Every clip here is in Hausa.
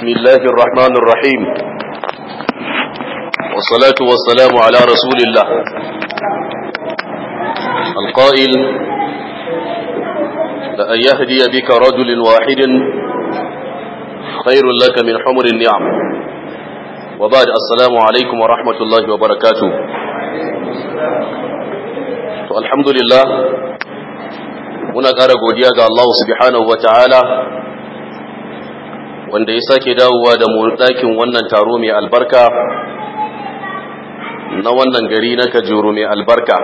بسم الله الرحمن الرحيم والصلاة والسلام على رسول الله القائل لأن يهدي بك رجل واحد خير لك من حمر النعم وبعد السلام عليكم ورحمة الله وبركاته الحمد لله هناك أرى godiya الله سبحانه وتعالى wanda ya sake dawowa da ɗakin wannan taro mai albarka na wannan gari na kajuru mai albarka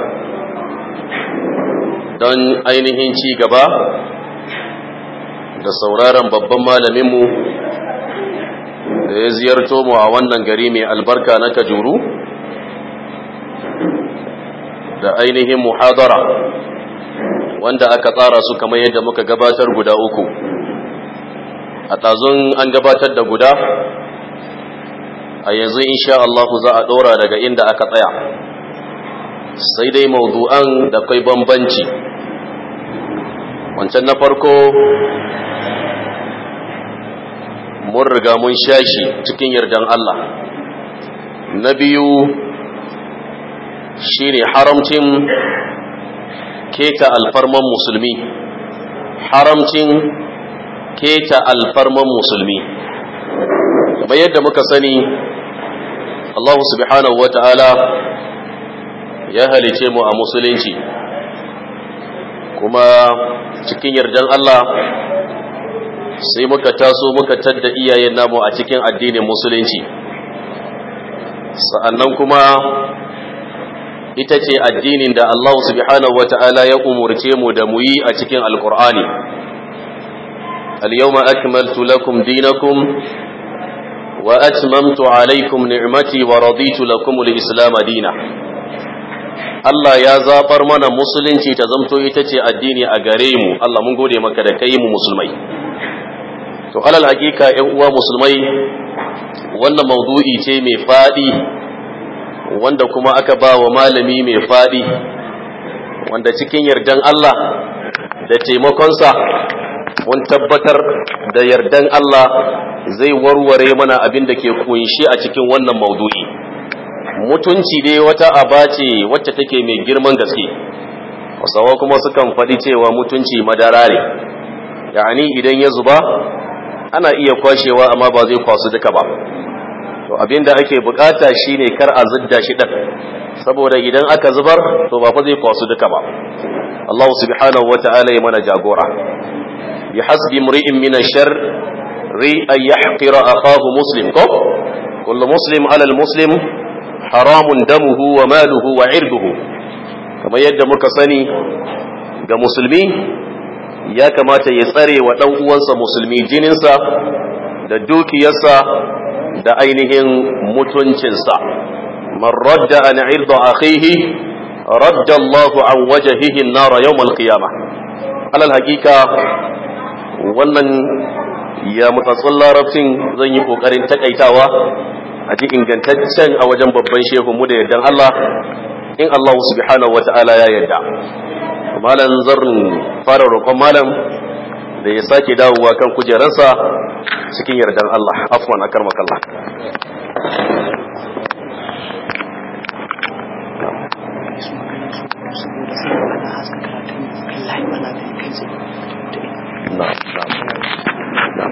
don ainihin ci gaba da sauraron babban malaminmu da ya ziyarto mu a wannan gari mai albarka na kajuru da ainihin muhadara wanda aka tsara su kamar yadda muka gabatar guda uku a ɗazun an gabatar da guda a yanzu insha Allah za a ɗora daga inda aka tsaya sai dai maudu'an da kai bambanci wancan na farko mun riga mun shashi cikin yardan Allah na biyu shi ne haramcin keta alfarman musulmi haramcin keta alfarman musulmi kamar yadda muka sani Allah subhanahu wa ta'ala ya halice mu a musulunci kuma cikin yardan Allah sai muka taso muka tadda iyayen namu a cikin addinin musulunci sa'annan kuma ita ce addinin da Allah subhanahu wa ta'ala ya umurce mu da mu yi a cikin alkur'ani اليوم أكملت لكم دينكم وأتممت عليكم نعمتي ورضيت لكم الإسلام دينا Allah ya zaɓar mana musulunci ta zamto ita ce addini a gare mu Allah mun gode maka da kai mu musulmai to alal hakika 'yan uwa musulmai wannan maudu'i ce mai faɗi wanda kuma aka ba wa malami mai faɗi wanda cikin yardan Allah da taimakonsa mun tabbatar da yardan Allah zai warware mana abin da ke kunshi a cikin wannan maudu'i mutunci dai wata aba ce wacce take mai girman gaske wasawa kuma sukan faɗi cewa mutunci madara ne yani idan ya zuba ana iya kwashewa amma ba zai kwasu duka ba to abin da ake bukata shine kar a zidda shi ɗan saboda idan aka zubar to ba fa zai kwasu duka ba Allah subhanahu wata'ala ya mana jagora bi hasbi mri'in min ash-sharr an yahqira akahu ko kullu muslim ala al haramun damuhu wa maluhu wa irduhu kamar yadda muka sani ga musulmi ya kamata ya tsare wa dan uwansa musulmi jininsa da dukiyarsa da ainihin mutuncinsa man radda an irda akhihi radda Allahu an wajhihi an-nar yawm al-qiyamah alal hakika wannan ya mutsatsun larabcin zan yi kokarin takaitawa a ji ingantaccen a wajen babban mu da yardan Allah in Allah subhanahu wa ta'ala ya yarda malam zarrin fara roƙon malam da ya sake dawowa kan kujerarsa cikin yardan Allah afwan akar makalla Allah نعم نعم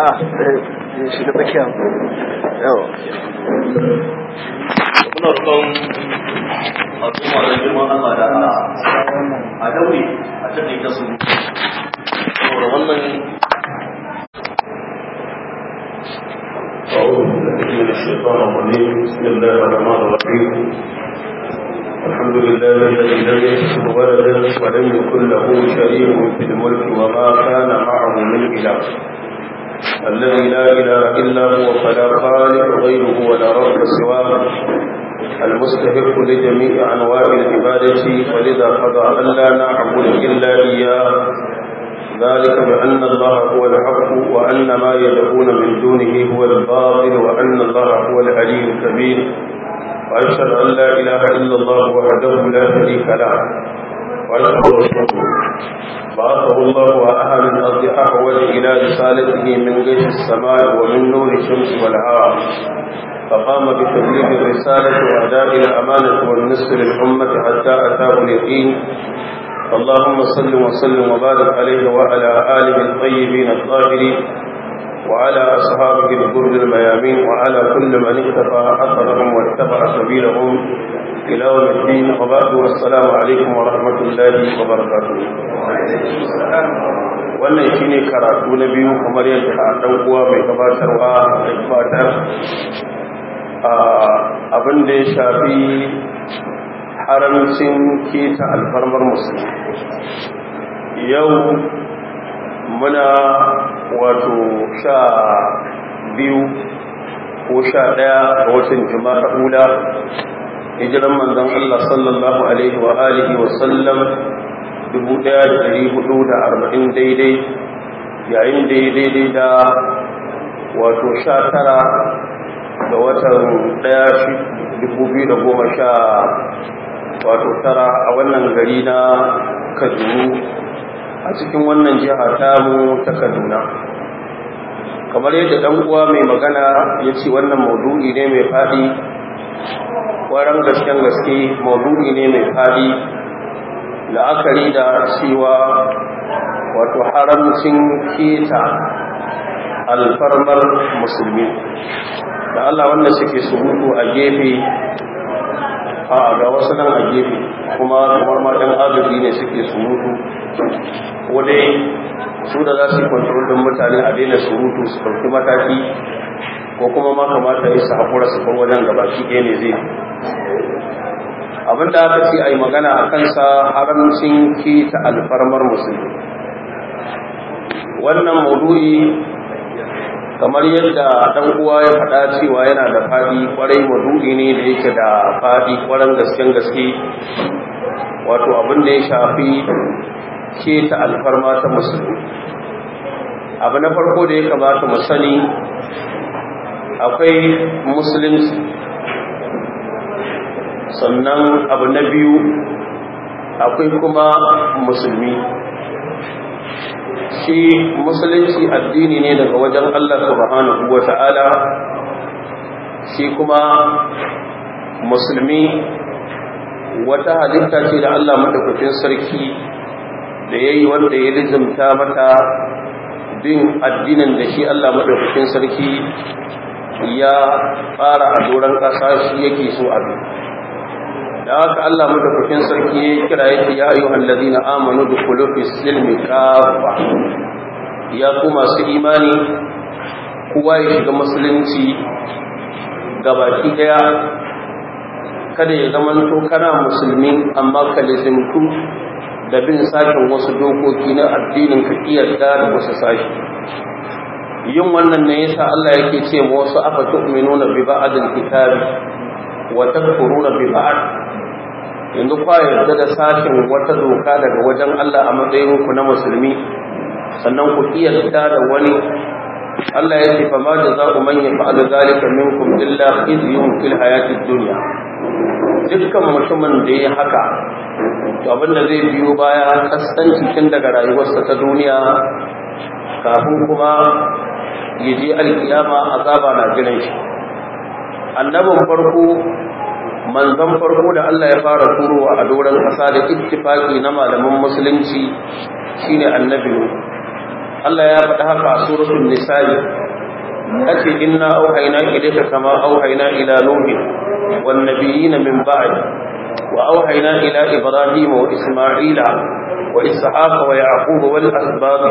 اه shi da bakiya yawa kuna rukun al'umma da girman Allah da a daure a taɗaita su saboda wannan أعوذ بالله من الشيطان الرجيم بسم الله الرحمن الرحيم الحمد لله الذي لم يكن ولدا ولم يكن له شريك في الملك وما كان معه من اله الذي لا اله الا هو فلا خالق غيره ولا رب سواه المستحق لجميع انواع العباده ولذا قضى الا نعبد الا اياه ذلك بأن الله هو الحق وأن ما يدعون من دونه هو الباطل وأن الله هو العلي الكبير وأشهد أن لا إله إلا الله وحده لا شريك له وأشهد بعثه الله وأهل الأرض أحوج إلى رسالته من جيش السماء ومن نور الشمس والهار فقام بتبليغ الرسالة وأداء الأمانة والنصر للأمة حتى أتاه اليقين اللهم صل وسلم وبارك عليه وعلى آله الطيبين الطاهرين وعلى أصحابه الغر الميامين وعلى كل من اكتفى أثرهم واتبع سبيلهم إلى يوم الدين وبعد والسلام عليكم ورحمة الله وبركاته wannan shi ne karatu na biyu kamar yadda ɗan uwa mai gabatarwa da gabatar abin da ya shafi haramcin keta alfarmar musulmi yau muna wato sha biyu ko sha ɗaya ga watan jima'a ula hijiran manzan Allah sallallahu alaihi wa alihi wa sallam 1440 daidai yayin da daidai da wato sha tara ga watan ɗaya shi dubu biyu da goma sha wato tara a wannan gari na kaduna a cikin wannan jiha ta mu ta kaduna kamar yadda dan uwa mai magana ya ce wannan maudu'i ne mai faɗi waran gasken gaske maudu'i ne mai faɗi la'akari da cewa wato haramcin keta alfarmar musulmi da Allah wannan suke surutu a gefe a ga wasu nan a gefe kuma kamar matan azubi ne suke surutu ko dai su da za su yi kwantarol ɗin mutane a daina surutu su ɗauki mataki ko kuma ma kamata ya su haƙura su bar wajen gaba shi ɗaya ne zai abin da aka ce a yi magana a kansa ke ta alfarmar musulmi wannan maudu'i kamar yadda dan uwa ya faɗa cewa yana da faɗi kwarai madubi ne da yake da faɗi kwaran gaske gaske wato abin da ya shafi ke ta alfarma ta musulmi abu na farko da ya kamata mu sani akwai musulunci sannan abu na biyu akwai kuma musulmi shi musulunci addini ne daga wajen Allah subhanahu wa ta'ala shi kuma musulmi wata halitta ce da Allah madaukakin sarki da ya yi wanda ya lizimta mata bin addinin da shi Allah madaukakin sarki ya fara a doron ƙasa shi yake so a abin da haka Allah madaukakin sarki ya kira yake ya hallazi ladina amanu da fi silmi kafa ya ku masu imani kuwa ya shiga musulunci gabaki daya kada ya zama to kana musulmi amma ka da bin sashen wasu dokoki na addinin ka yarda da wasu sashi yin wannan ne yasa Allah yake ce ma wasu aka tu'minuna bi ba'dil kitabi wa takfuruna bi ba'd yanzu kwa yarda da sashin wata doka daga wajen Allah a matsayin ku na musulmi sannan ku iya fita da wani Allah ya ce za ku jazaa'u man yaf'alu zalika minkum illa khizyun fil hayati dunya dukkan mutumin da ya haka to abin da zai biyo baya kaskanci tun daga rayuwarsa ta duniya kafin kuma ya je alkiyama azaba na jiran shi annabin farko manzon farko da Allah ya fara turowa a doron ƙasa da ittifaki na malaman musulunci shine annabi Allah ya faɗa haka a suratul nisa'i yace inna auhayna ilayka kama auhayna ila nuhin wan nabiyina min ba'd wa auhayna ila ibrahima wa isma'ila wa ishaqa wa ya'quba wal asbab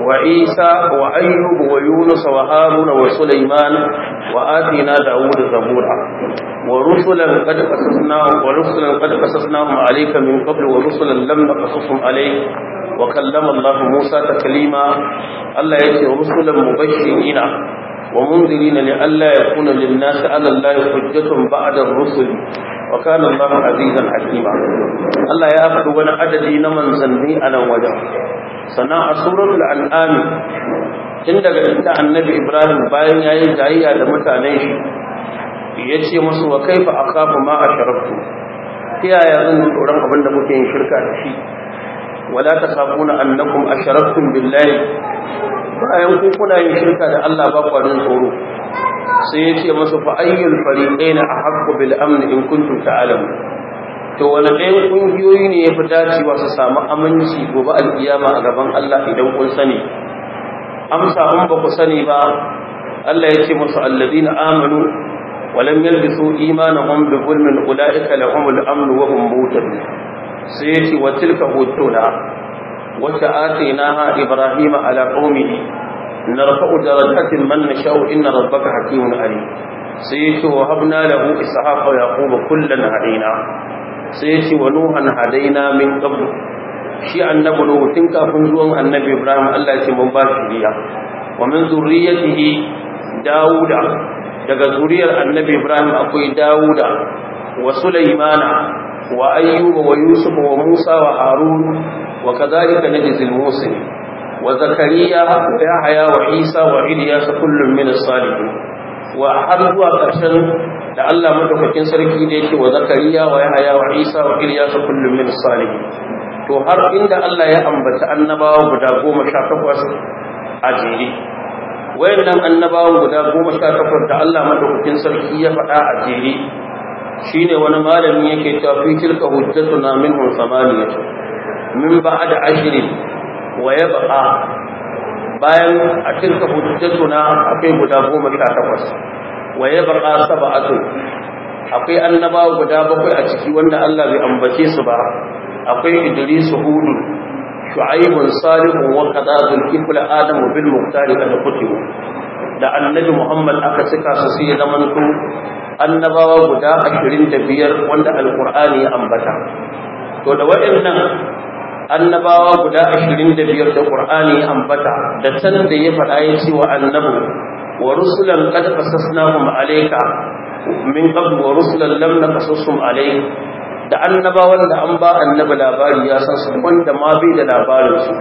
وعيسى وأيوب ويونس وهارون وسليمان وآتينا داود زبورا ورسلا قد قصصناهم ورسلا قد قصصناهم عليك من قبل ورسلا لم نقصصهم عليك وكلم الله موسى تكليما الله يأتي رسلا مبشرين ومنذرين لئلا يكون للناس على الله حجة بعد الرسل وكان الله عزيزا حكيما الله يأخذ وانا عددي نمن زنبي أنا وجه sannan a suratul al'ami tun daga inda annabi ibrahim bayan ya yi jayayya da mutane shi ya ce masu, wa kaifa a kafa ma a sharaftu ta yaya zan yi tsoron abin da muke yin shirka da shi wala ta na annakum a sharaftun billahi bayan ku kuna yin shirka da allah ba kwanin tsoro sai ya ce fa'ayyar fari ɗaya na a bil bil'amni in kuntum ta'alamu to wani ɗayan ƙungiyoyi ne ya fi dacewa su samu aminci gobe alkiyama a gaban Allah idan kun sani amsa in ba ku sani ba Allah ya ce musu na amanu walam yalbisu imanahum bi zulmin ulaika lahumul amn wa hum muhtadun sai ya ce wa tilka hujjuna wata atainaha ibrahima ala qaumihi narfa'u darajatin man nasha'u inna rabbaka hakimun alim sai ya ce wa habna lahu ishaqa wa yaquba kullan hadina sai ya ce wa nuhan hadaina min qabl shi annabi nuhu tun kafin zuwan annabi ibrahim Allah ya ce mun ba shi wa min zurriyatihi dauda daga zuriyar annabi ibrahim akwai Dawuda. wa sulaimana wa ayyuba wa yusuf wa musa wa harun wa kadhalika najzil musin wa zakariya wa yahya wa isa wa ilyas kullum min as-salihin wa har zuwa ƙarshen da Allah madaukakin sarki da yake wa Zakariya wa Yahaya wa Isa wa Ilyas kullum min salihin to har inda Allah ya ambata annabawa guda 18 a jere wayannan annabawa guda 18 da Allah madaukakin sarki ya faɗa a jere shine wani malami yake cewa fi tilka hujjatuna minhum samaniya min ba'd ashrin wa yabqa bayan a tilka hujjatuna akwai guda 18 wa ya bar Asa yabqa sab'atu akwai annabawa guda bakwai a ciki wanda Allah bai ambace su ba akwai Idris Hud Shu'aib Salih wa Qadadul Kifl Adam bil Muqtar da Kutibu da Annabi Muhammad aka cika su sai zaman ku annabawa guda 25 wanda Alqur'ani ya ambata to da waɗannan annabawa guda 25 da Qur'ani ya ambata da can da ya faɗa ya ce wa annabi wa rusulan qad qasasnahum alayka min qabl wa rusulan lam alayka da annabawan da an ba annaba labari ya san su wanda ma bai da labarin su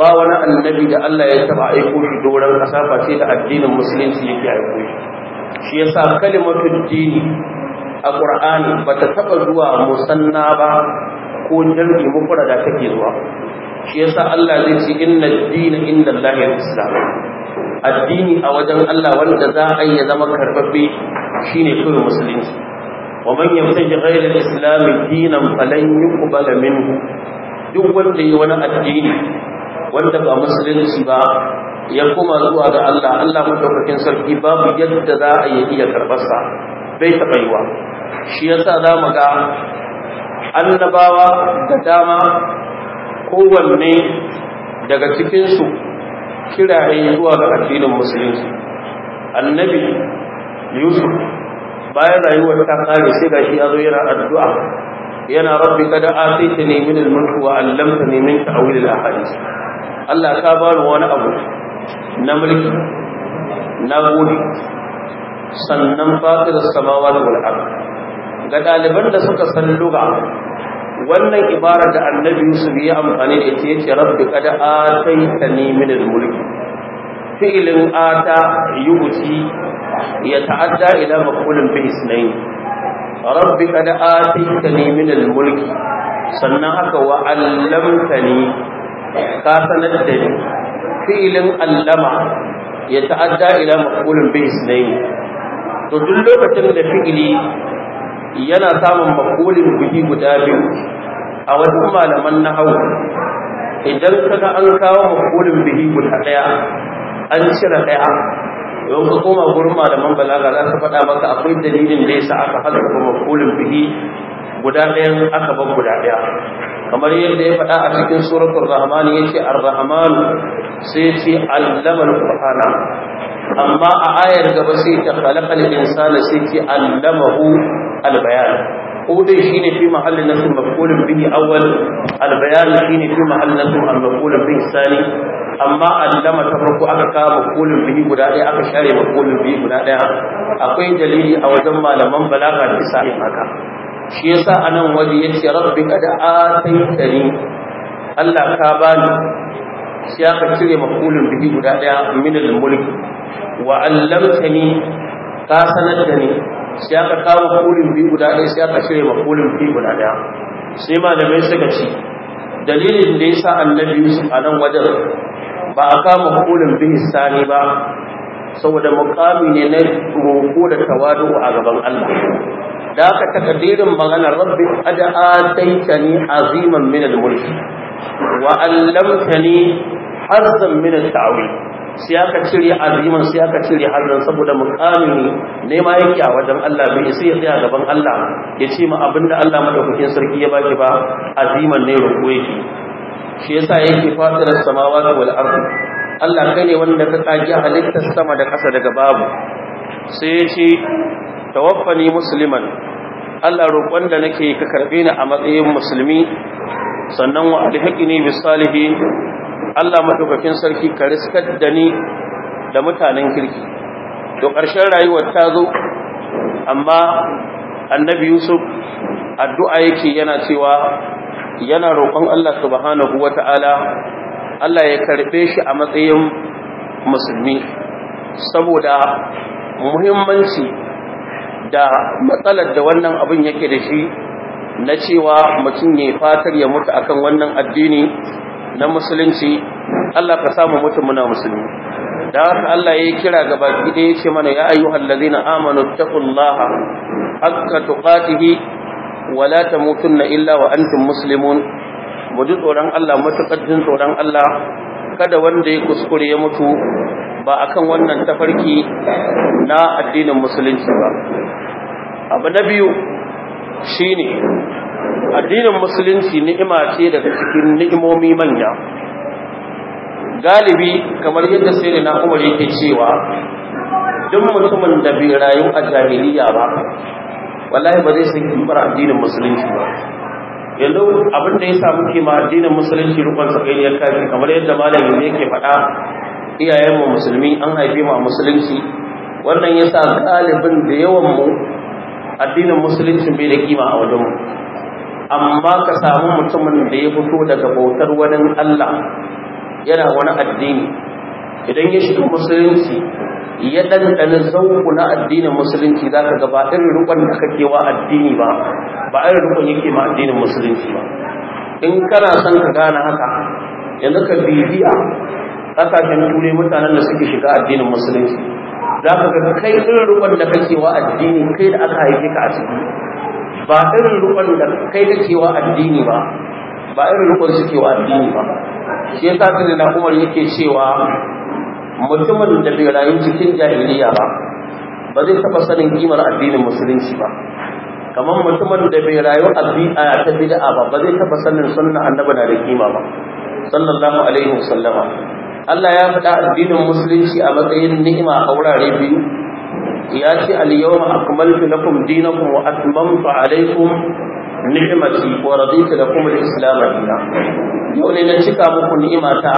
ba wani annabi da Allah ya taba aiko shi doron kasa ce da addinin musulunci yake aiko shi shi yasa kalimatul dini a Qur'ani ta taba zuwa musanna ba ko jami'i da take zuwa shi yasa Allah zai ce inna ad-dina inda ya Islam addini a wajen Allah wanda za a yi zama shi ne kuma musulunci wa man yamtaji ghayra al-islam dinan falan yuqbal minhu duk wanda yi wani addini wanda ba musulunci ba ya kuma zuwa ga Allah Allah madaukakin sarki babu yadda za a yi iya karbasa bai taɓa yiwa shi yasa za mu ga annabawa da dama kowanne daga cikinsu kiraye zuwa ga addinin musulunci annabi yusuf bayan rayuwar ta kare sai gashi ya zo yana addu'a yana rabbi kada ta min al-mulk wa 'allamtani min ta'wil al-ahadith Allah ka ba wani abu na mulki na gode sannan fatir as-samawati wal ard ga ɗaliban da suka san luga wannan ibarar da annabi yusuf ya amfani da ita yace rabbi qad ataitani min al-mulk fi'lin ata yuti ya ta'adda ila maqulin bi isnayn rabbi qad ataitani min al-mulk sannan haka wa allamtani ka sanar da ni fi'lin allama ya ta'adda ila maqulin bi isnayn to duk lokacin da fili. yana samun makolin bihi guda biyu a wasu malaman na hau idan kaga an kawo makolin bihi guda daya an cire daya don ka koma gurin malaman balaga za su faɗa maka akwai dalilin da yasa aka halaka makolin bihi guda ɗaya aka bar guda ɗaya kamar yadda ya faɗa a cikin suratul rahman yace ar-rahman sai ce allamal qur'ana amma a ayar gaba sai ta khalaqal insana sai ce allamahu al-bayan ko dai shine fi mahallin nasu maf'ulun bihi awwal al-bayan shine fi mahallin nasu al-maf'ulun bihi sani amma allama ta farko aka kawo makulin bihi guda ɗaya aka share makulin bihi guda ɗaya akwai dalili a wajen malaman balaga da isa haka shi yasa anan waje yace rabbi qad ataytani Allah ka bani sai aka cire maqulun bihi guda daya min al-mulk wa allamtani ka sanar da ni ya aka kawo maqulun bihi guda daya sai aka cire maqulun bihi guda daya sai malamai suka ce dalilin da yasa annabi Yusuf a nan wajen ba a kama maqulun bihi sani ba saboda muqami ne na roko da tawadu a gaban Allah da aka takaddirin magana rabbi qad ataitani aziman min al-mulk wa allamtani hazzan min sai aka cire aziman sai aka cire hazzan saboda muqami ne ma yake a wajen Allah bai sai ya tsaya gaban Allah ya ce ma abinda Allah madaukakin sarki ya baki ba aziman ne roƙo yake shi yasa yake fatirar samawati wal ardh Allah kai ne wanda ka kage halittar sama da ƙasa daga babu sai ya ce tawaffani musliman Allah roƙon da nake ka karɓe ni a matsayin musulmi sannan wa ne bis salihin Allah madaukakin sarki ka riskar da ni da mutanen kirki to ƙarshen rayuwar ta zo amma annabi Yusuf addu'a yake yana cewa yana roƙon Allah subhanahu wata'ala Allah ya karɓe shi a matsayin musulmi saboda muhimmanci da matsalar da wannan abin yake da shi na cewa mutum ya fatar ya mutu akan wannan addini na musulunci Allah ka samu mutum muna musulmi da haka Allah ya yi kira ga baki da ya ce mana ya ayyuhal ladina amanu taqullaha haqqa tuqatihi wa la tamutunna illa wa antum muslimun mu ji tsoron Allah matuƙar jin tsoron Allah kada wanda ya kuskure ya mutu ba a kan wannan tafarki na addinin musulunci ba abu na biyu shi ne addinin musulunci ni'ima ce daga cikin ni'imomi manya galibi kamar yadda sai na umar yake cewa duk mutumin da bai rayu a jamiliya ba wallahi ba zai san kimar addinin musulunci ba yanzu abin da ya samu kima addinin musulunci rukun sa kai ne kamar yadda malamin ne yake faɗa Iyayen iyayenmu musulmi an haife mu a musulunci wannan ya sa galibin da mu addinin musulunci bai da kima a wajenmu amma ka samu mutumin da ya fito daga bautar wani Allah yana wani addini idan ya shiga musulunci ya ɗanɗana zauku na addinin musulunci za ka gaba irin rukun da kake wa addini ba ba irin rukun yake ma addinin musulunci ba in kana son ka gane haka yanzu ka bibiya ƙasashen turai mutanen da suke shiga addinin musulunci za ka ga kai irin rukun da kake wa addini kai da aka haife ka a ciki ba irin rukun da kai kake wa addini ba ba irin rukun suke wa addini ba shi yasa sai da Umar yake cewa mutumin da bai rayu cikin jahiliya ba ba zai taba sanin kimar addinin musulunci ba kamar mutumin da bai rayu a ta da'a ba ba zai taba sanin sunna annabi na da kima ba sallallahu alaihi wasallama Allah ya faɗa addinin musulunci a matsayin ni'ima a wurare biyu ya ce al-yawma akmaltu lakum dinakum wa atmamtu alaykum ni'mati wa raditu lakum al-islam dinan yau ne na cika muku ni'imata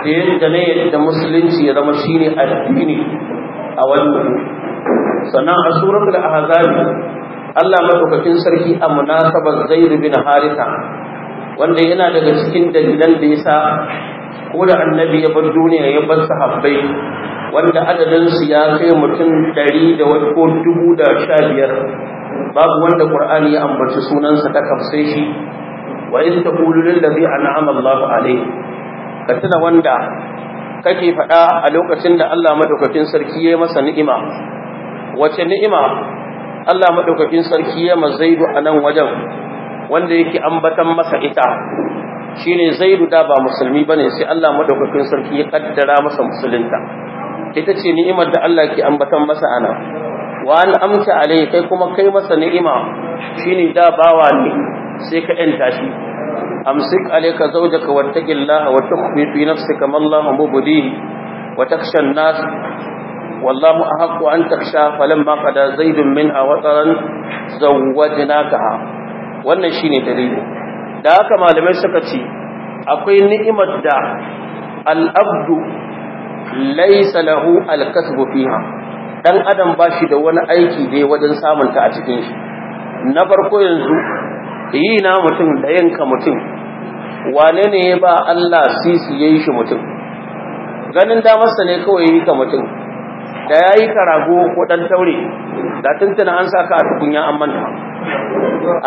da yadda ne yadda musulunci ya zama shine addini a wannan sannan a suratul ahzab Allah madaukakin sarki a munasabar Zaid bin Haritha wanda yana daga cikin dalilan da yasa ko da annabi ya bar duniya ya bar sahabbai wanda adadinsu ya kai mutum ɗari da ko dubu da sha biyar babu wanda ƙur'ani ya ambaci sunansa ta kafsai shi wa in ta kululun da zai an'ama Allahu alaihi ka tuna wanda kake faɗa a lokacin da Allah madaukakin sarki ya masa ni'ima wace ni'ima Allah madaukakin sarki ya mazaidu a nan wajen wanda yake ambatan masa ita shine zaidu da ba musulmi ba ne sai Allah madaukakin sarki ya kaddara masa musulunta ita ce ni'imar da Allah ke ambatan masa ana wa an amsa alai kai kuma kai masa ni'ima shine da bawa ne sai ka yanta shi amsik alayka zawjaka wattaqillaha wa tukhfi fi nafsika ma Allah mubdihi wa takhsha an-nas wallahu ahaqqu an takhsha falamma qada zaidun minha wataran zawwajnakaha wannan shine dalili da haka malamai suka ce akwai ni'imar da al'abdu laisa lahu al-kasbu fiha dan adam bashi da wani aiki dai wajen samun ta a cikin shi na farko yanzu yi na mutum da yanka mutum wane ne ya ba Allah sisi yayi shi mutum ganin damarsa ne kawai yi ka mutum da yayi karago ko dan taure da tuntuna an saka a tukunya an manta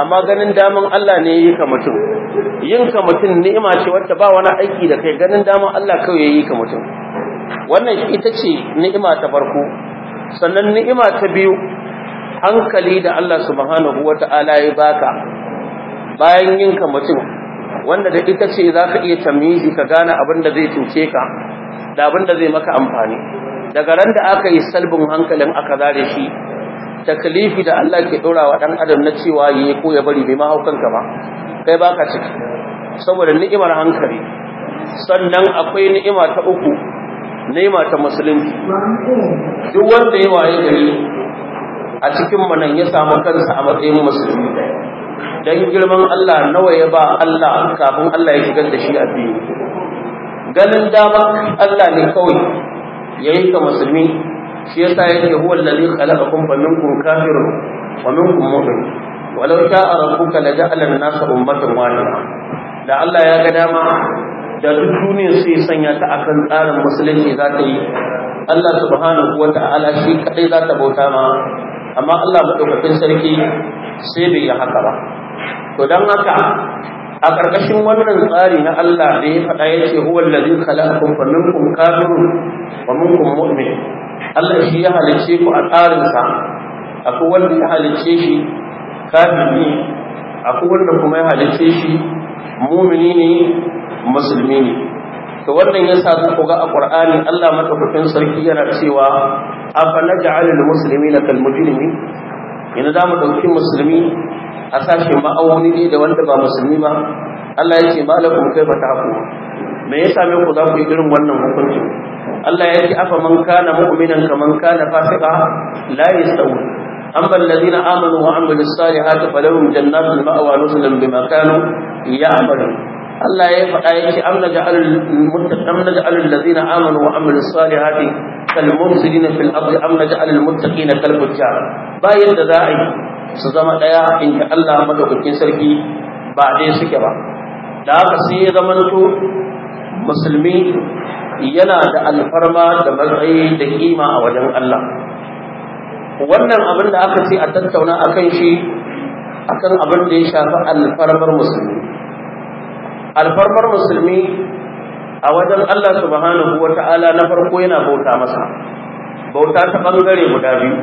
amma ganin daman Allah ne yi ka mutum yin ka mutum ni'ima ce wacce ba wani aiki da kai ganin daman Allah kawai yi ka mutum wannan ita ce ni'ima ta farko sannan ni'ima ta biyu hankali da Allah subhanahu Ta'ala ya baka bayan yin ka mutum wanda da ita ce za ka iya tamizi ka gane abin da zai cuce ka da abin da zai maka amfani daga ran da aka yi salbin hankalin aka zare shi taklifi da Allah ke dora wa dan adam na cewa yi ko ya bari bai ma haukan ka ba kai baka ciki saboda ni'imar hankali sannan akwai ni'ima ta uku ni'ima ta musulunci duk wanda ya waye gari a cikin manan ya samu kansa a matsayin musulmi dan girman Allah nawa ya ba Allah kafin Allah ya shiga da shi a biyu ganin dama Allah ne kawai yayin ka musulmi shi yasa yake huwa allazi khalaqakum fa minkum kafirun wa minkum mu'min walau sha'a rabbuka la ja'ala an-nasa ummatan wahida da Allah ya ga dama da duk duniyar sai sanya ta akan tsarin musulunci za ta yi Allah subhanahu wa ta'ala shi kadai za ta bauta ma amma Allah madaukakin sarki sai bai yi haka ba to dan haka a ƙarƙashin wannan tsari na Allah da ya faɗa ya ce huwa allazi khalaqakum fa minkum kafirun wa minkum mu'min Allah shi ya halicce ku a tsarinsa akwai wanda ya halicce shi kafiri akwai wanda kuma ya halicce shi mumini ne musulmi ne to wannan yasa za ku ga a Qur'ani Allah madaukakin sarki yana cewa afala ja'alul muslimina kal mujrimin yana za mu ɗauki musulmi a sashen ma'auni ne da wanda ba musulmi ba Allah ya ce malakum kai ba ta me yasa me ku za ku yi irin wannan hukunci Allah ya ce afa man kana mu'minan kaman kana fasika la yastawi amma alladhina amanu wa amilus salihati falahum jannatul ma'wa nuzulan bima kanu ya'malun Allah ya faɗa ya ce am naj'al muttaqin naj'al alladhina amanu wa amilus salihati kal mufsidina fil ardi am naj'al al muttaqina kal fujjar ba yadda za a yi su zama ɗaya in ka Allah madaukakin sarki ba dai suke ba da haka sai ya zamanto musulmi yana da alfarma da matsayi da kima a wajen Allah wannan abin da aka ce a tattauna a kan shi a kan abin da ya shafi alfarmar musulmi alfarmar musulmi a wajen Allah subhanahu wa ta'ala na farko yana bauta masa bauta ta ɓangare guda biyu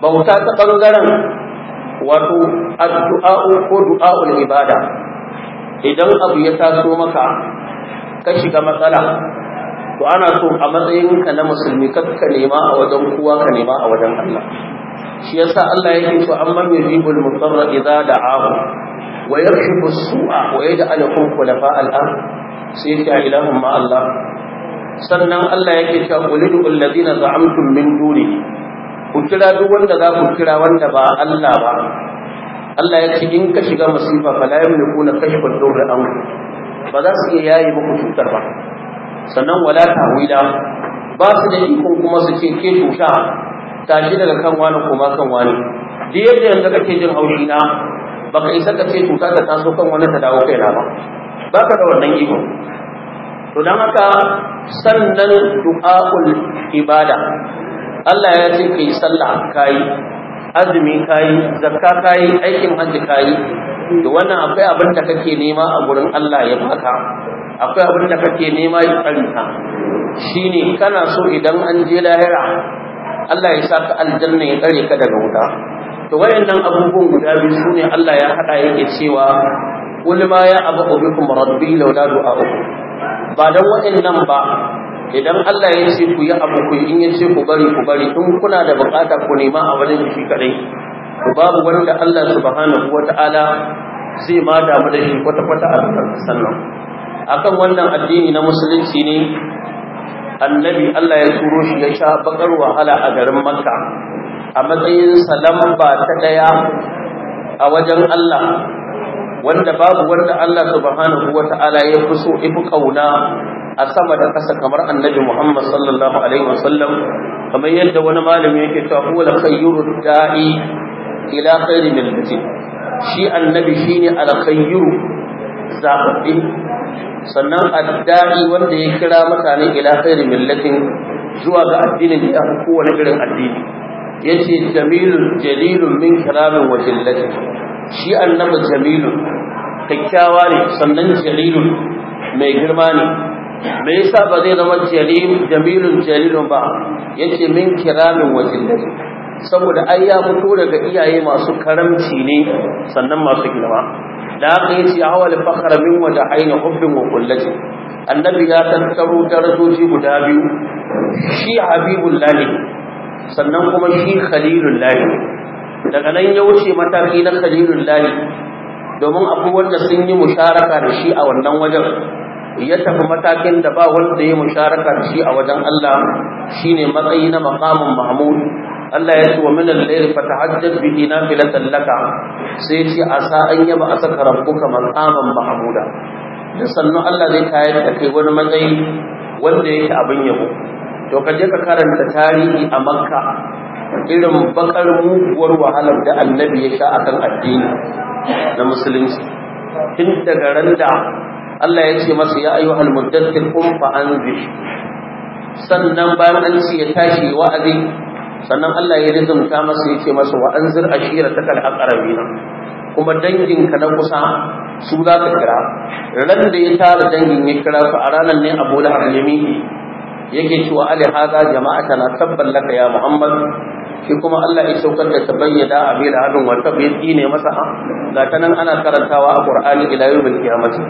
bauta ta ɓangaren wato addu'a'u ko du'a'ul ibada idan abu ya taso maka ka shiga matsala to ana so a matsayinka na musulmi ka nema a wajen kowa ka nema a wajen Allah shi yasa Allah yake to amman yujibul mutarra idza da'ahu wa yakshifu su'a wa yaj'alukum khulafa al-ard sai ya ilahum ma Allah sannan Allah yake cewa qulidu alladhina za'amtum min dunihi ku kira duk wanda za ku kira wanda ba Allah ba Allah ya ce in ka shiga masifa fala na kashfa ad-durri ankum ba za su iya yaye muku cutar ba sannan wala tawila ba su da ikon kuma su ce ke cuta shi daga kan wani kuma kan wani da yadda yanzu kake jin haushi na baka isa ka ce cuta ta taso kan wani ta dawo kai na ba ba ka da wannan iko to dan haka sannan du'aul ibada Allah ya ce kai sallah kai azumi kai zakka kai aikin hajji kai to wannan akwai abin da kake nema a gurin Allah ya baka akwai abin da kake nema ya tsarka shine kana so idan an je lahira Allah ya saka aljanna ya tsare ka daga wuta to wayannan abubuwan guda biyu sune Allah ya hada yake cewa qul ma ya abu bikum rabbi la du'a'ukum ba dan wayannan ba idan Allah ya ce ku yi abu ku in ya ce ku bari ku bari in kuna da bukata ku nema a wajen shi kadai babu wanda Allah subhanahu wata'ala zai ma damu da shi kwata-kwata a dukkan nan. akan wannan addini na musulunci ne annabi Allah ya turo shi ya sha bakar wahala a garin makka a matsayin salamba ta daya a wajen Allah wanda babu wanda Allah subhanahu wata'ala ya fi so ifi kauna a sama da ƙasa kamar annabi Muhammad sallallahu alaihi wasallam kamar yadda wani malami yake cewa huwa al-khayru da'i ila khairi min kathir shi annabi shine al-khayru zababbi sannan addai wanda ya kira mutane ila khairi millatin zuwa ga addinin da ya kowane irin addini yace jamilun jalilun min kalamin wa jillati shi annabi jamilun kyakkyawa ne sannan jalilun mai girma ne me yasa ba zai zama jalil jamilun jalilun ba yace min kiramin wa jillati saboda ai ya fito daga iyaye masu karamci ne sannan masu girma da aka yi yace hawal fakhra min wajhaini hubbin wa kullati annabi ya tattaro darajoji guda biyu shi habibullah ne sannan kuma shi khalilullah ne daga nan ya wuce mataki na khalilullah domin akwai wanda sun yi musharaka da shi a wannan wajen ya tafi matakin da ba wanda ya musharaka da shi a wajen Allah shine matsayi na makamin mahmud Allah ya ce wa min al-layli fatahajjat na nafilatan laka sai ya ce asa an yaba asaka kamar aman mahmuda da sannu Allah zai kayar da kai wani matsayi wanda yake abin yabo to ka je ka karanta tarihi a Makka irin bakar muguwar wahalar da annabi ya sha akan addini na musulunci tun daga ran da Allah ya ce masa ya ayyuhal muddathir qum fa anzir sannan bayan an ce ya tashi wa'azi sannan Allah ya rizumta masa ya ce masa wa anzir ashira ta kal na. kuma danginka na kusa su za ka kira ran da ya tara dangin ya kira su a ranar ne Abu Lahab yamini yake cewa ali jama'a tana tabban laka ya Muhammad shi kuma Allah ya saukar da ta tabayyada bai da hadin wa bai ne masa ga ta nan ana karantawa a ƙur'ani ila yawmil qiyamati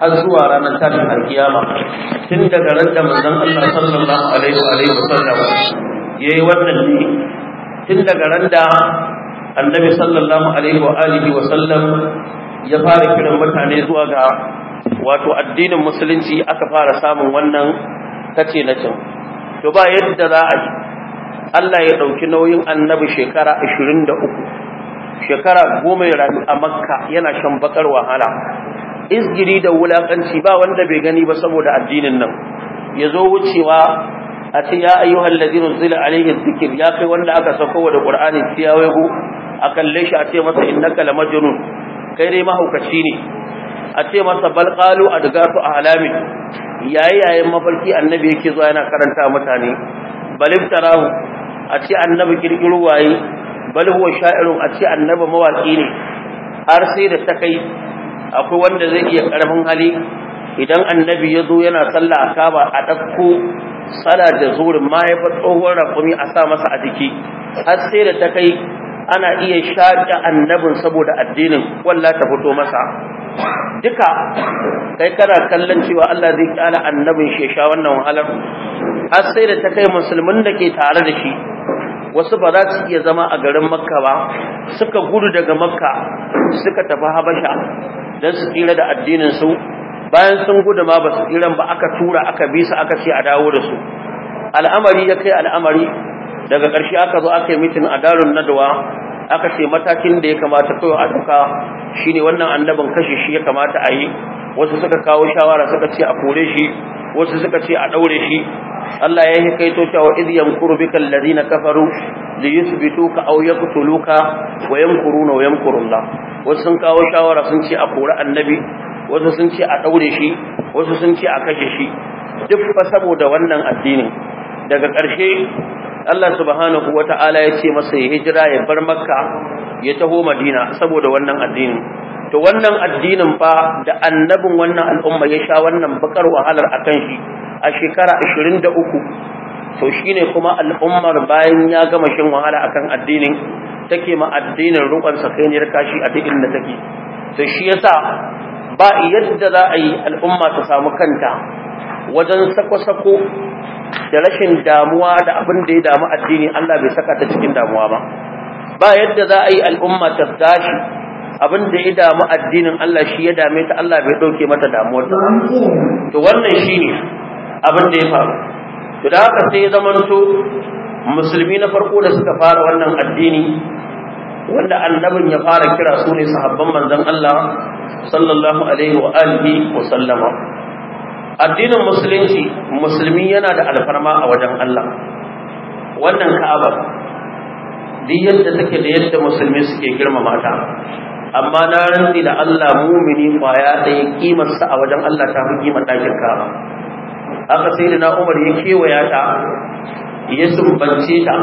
har zuwa ranar tashin alkiyama tun daga ran da manzon Allah sallallahu alaihi wa alihi wasallam yayi wannan ne tun daga randa annabi sallallahu alaihi wa alihi wa sallam ya fara kiran mutane zuwa ga wato addinin musulunci aka fara samun wannan tace na can to ba yadda za a Allah ya ɗauki nauyin annabi shekara 23 shekara goma ya rayu a makka yana shan bakar wahala izgiri da wulakanci ba wanda bai gani ba saboda addinin nan ya zo wucewa a ce ya ayyuhal ladzi zila alayhi dhikr ya kai wanda aka sako da qur'ani sai ya wego a kalle shi a ce masa innaka lamajnun kai dai mahaukaci ne a ce masa bal qalu adgatu ahlami yayi yayin mafarki annabi yake zuwa yana karanta mutane bal iftarahu a ce annabi kirkiru waye bal huwa sha'irun a ce annabi mawaki ne har sai da ta kai akwai wanda zai iya karfin hali idan annabi ya zo yana sallah a kaba a dakko sala da zurin ma ya tsohuwar rakumi a sa masa a jiki har sai da ta kai ana iya shaƙi annabin saboda addinin walla ta fito masa duka kai kana kallon cewa Allah zai kyala annabin shi sha wannan wahalar har sai da ta kai musulmin da ke tare da shi wasu ba za su iya zama a garin makka ba suka gudu daga makka suka tafi habasha don su tsira da addinin su bayan sun gudu ma ba su ba aka tura aka bi su aka ce a dawo da su al'amari ya kai al'amari daga ƙarshe aka zo aka yi mitin a darun nadwa aka ce matakin da ya kamata kawai a duka shine wannan annabin kashe shi ya kamata a yi wasu suka kawo shawara suka ce a kore shi wasu suka ce a ɗaure shi Allah ya yi kaito wa idh kuru, bika Ladina kafaru li yuthbituka aw yaqtuluka wa yamkuruna wa wasu sun kawo shawara sun ce a kore annabi wasu sun ce a ɗaure shi wasu sun ce a kashe shi duk fa saboda wannan addini daga ƙarshe Allah subhanahu wa ta'ala ya ce masa ya hijira ya bar makka ya taho madina saboda wannan addinin to wannan addinin fa da annabin wannan al'umma ya sha wannan bakar wahalar akan shi a shekara 23 to shine kuma al'ummar bayan ya gama shin wahala akan addinin take ma addinin rukun sakaniyar kashi a duk inda take to shi yasa ba yadda za a yi al'umma ta samu kanta wajen sako-sako da rashin damuwa da abin da ya damu addini Allah bai saka ta cikin damuwa ba ba yadda za a yi al'umma ta tashi abin da ya damu addinin Allah shi ya dame ta Allah bai ɗauke mata damuwar ta to wannan shine abin da ya faru to da haka sai ya zamanto musulmi na farko da suka fara wannan addini wanda annabin ya fara kira su ne sahabban manzon Allah sallallahu alaihi wa alihi wa sallama addinin musulunci musulmi yana da alfarma a wajen Allah wannan ka'aba duk yadda take da yadda musulmi suke girmama ta amma na rantsi da Allah mumini kwaya ɗaya kimarsa a wajen Allah ta fi kimar ɗakin ka'aba haka sai da na umar ya kewaya ta ya sumbance ta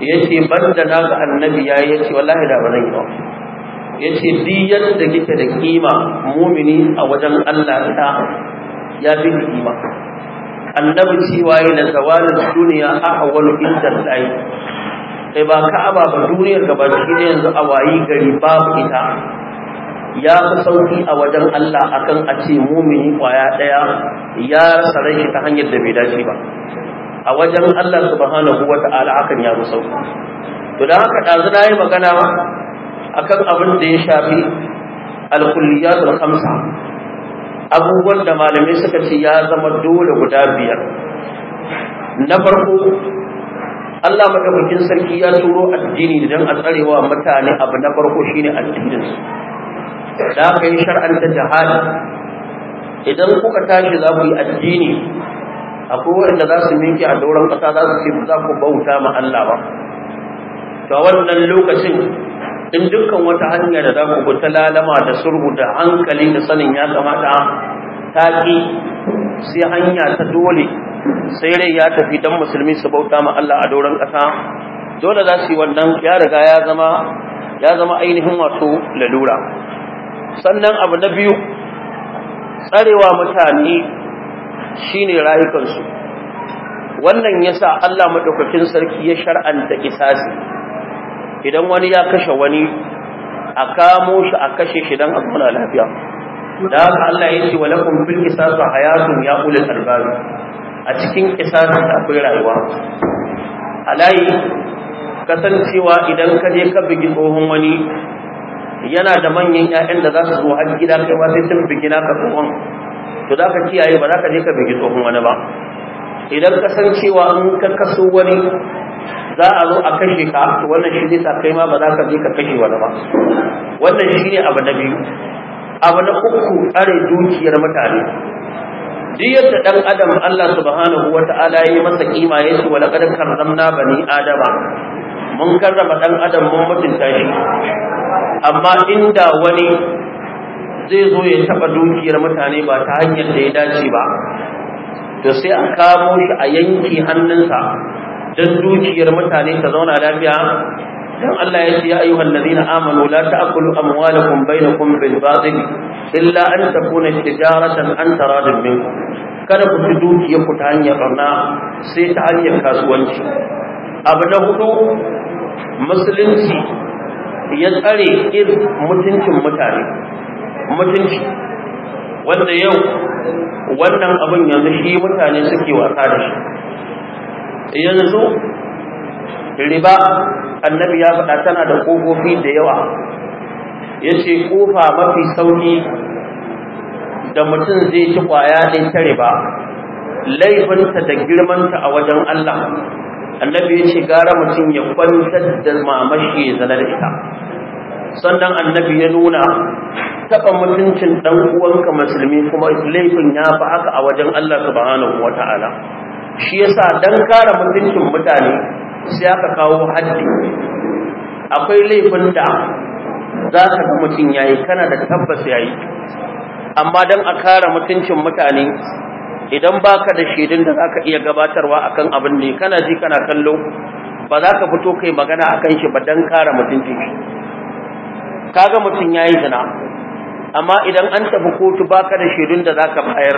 yace banda na ga annabi ya yace wallahi da bazan yi ba yace duk da kike da kima mumini a wajen Allah ta ya fi kima annabi cewa na zawalin duniya a awal inda dai sai ba aba ba duniyar gaba shi ne yanzu a wayi gari babu ita ya sauki a wajen Allah akan a ce mumini kwaya daya ya rasa ta hanyar da bai dace ba a wajen Allah subhanahu wa ta'ala akan ya fi sauki to da haka ɗazu na yi magana akan abin da ya shafi al khamsa abubuwan da malamai suka ce ya zama dole guda biyar na farko Allah madaukakin sarki ya turo addini don a tsarewa mutane abu na farko shine addinin su da aka yi ta jihadi idan kuka tashi za ku yi addini akwai wanda za su minki a doron ƙasa za su ce za ku bauta ma Allah ba to wannan lokacin in dukkan wata hanya da za ku bi ta lalama da surgu da hankali da sanin ya kamata ta ki sai hanya ta dole sai rai ya tafi dan musulmi su bauta ma Allah a doron ƙasa dole za su yi wannan ya riga ya zama ya zama ainihin wato lalura sannan abu na biyu tsarewa mutane shine rayukansu wannan yasa Allah madaukakin sarki ya shar'anta kisasi idan wani ya kashe wani a kamo shi a kashe shi dan a kula lafiya da haka Allah ya ce wa lakum fil qisasi hayatun ya ulul albab a cikin kisasi akwai rayuwa alayi kasancewa idan ka je ka bigi tsohon wani yana da manyan 'ya'yan da za su zo har gida kai ba sai sun bigi naka tsohon to za ka kiyaye ba za ka je ka bigi tsohon wani ba idan ka san cewa an ka kaso wani za a zo a kashe ka to wannan shi ne kai ma ba za ka je ka kashe wani ba wannan shi ne abu na biyu abu na uku tsare dukiyar mutane duk yadda dan adam Allah subhanahu wata'ala ya yi masa kima ya ce wala kad karramna bani adama mun karrama dan adam mun mutunta shi amma inda wani zai zo ya taɓa dukiyar mutane ba ta hanyar da ya dace ba to sai a kamo shi a yanki hannunsa don dukiyar mutane ta zauna lafiya dan Allah ya ce ya ayyuhal ladina amanu la ta'kulu amwalakum bainakum bil batil illa an takuna tijaratan an taradun minkum kada ku ci dukiyar ku ta hanyar barna sai ta hanyar kasuwanci abu na hudu musulunci ya tsare irin mutuncin mutane mutunci wanda yau wannan abin yanzu shi mutane suke wasa da shi yanzu riba annabi ya faɗa tana da ƙofofi da yawa ya ce ƙofa mafi sauƙi da mutum zai ci ƙwaya ɗin ta riba laifinta da girmanta a wajen Allah annabi ya ce gara mutum ya kwantar da mamashi ya zana da ita sannan annabi ya nuna taɓa mutuncin ɗan uwanka musulmi kuma laifin ya fi haka a wajen Allah subhanahu wata'ala shi yasa dan kare mutuncin mutane sai aka kawo haddi akwai laifin da za ka ga mutum yayi kana da tabbas yayi amma dan a kare mutuncin mutane idan baka da shaidun da zaka iya gabatarwa akan abin ne kana ji kana kallo ba za ka fito kai magana akan shi ba dan kare mutuncin shi kaga mutum yayi zina amma idan an tafi kotu baka da shaidun da zaka bayar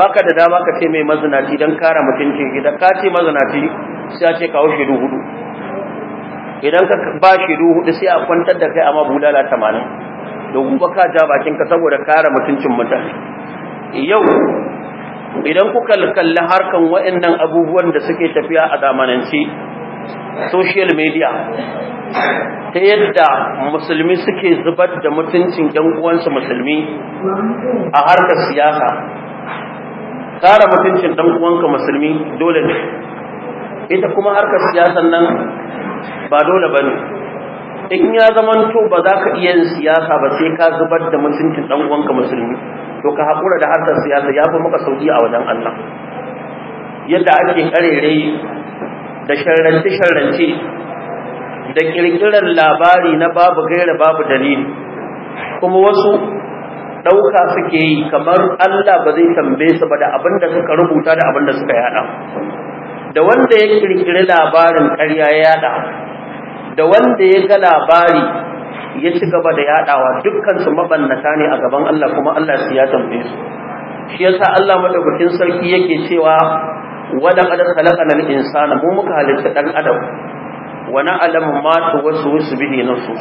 baka da dama ka ce mai mazinaci don kara mutuncin idan ka ce mazinaci sai a ce kawo shirin hudu idan ka ba shaidu hudu sai a kwantar da kai amma bulala tamanin da gobe ka ja bakin ka saboda kare mutuncin mutane yau idan kuka kalli harkan waɗannan abubuwan da suke tafiya a zamanance social media ta yadda musulmi suke zubar da mutuncin yan uwansu musulmi a harkar siyasa kare mutuncin dan uwanka musulmi dole ne ita kuma harkar siyasan nan ba dole bane in ya zamanto ba za ka iya yin siyasa ba sai ka zubar da mutuncin dan uwanka musulmi to ka haƙura da harkar siyasa ya fi maka sauki a wajen Allah yadda ake ƙarere. da sharrance-sharrance da ƙirƙirar labari na babu gaira babu dalili kuma wasu ɗauka suke yi kamar Allah ba zai tambaye su ba da abin da suka rubuta da abin da suka yada da wanda ya ƙirƙiri labarin ƙarya ya yada da wanda ya ga labari ya ci gaba da yadawa dukkan su mabannata ne a gaban Allah kuma Allah su ya tambaye su shi yasa Allah madaukakin sarki yake cewa wala qad al-insana mu muka halitta dan adam wa na'lamu ma tuwaswisu bihi nafsu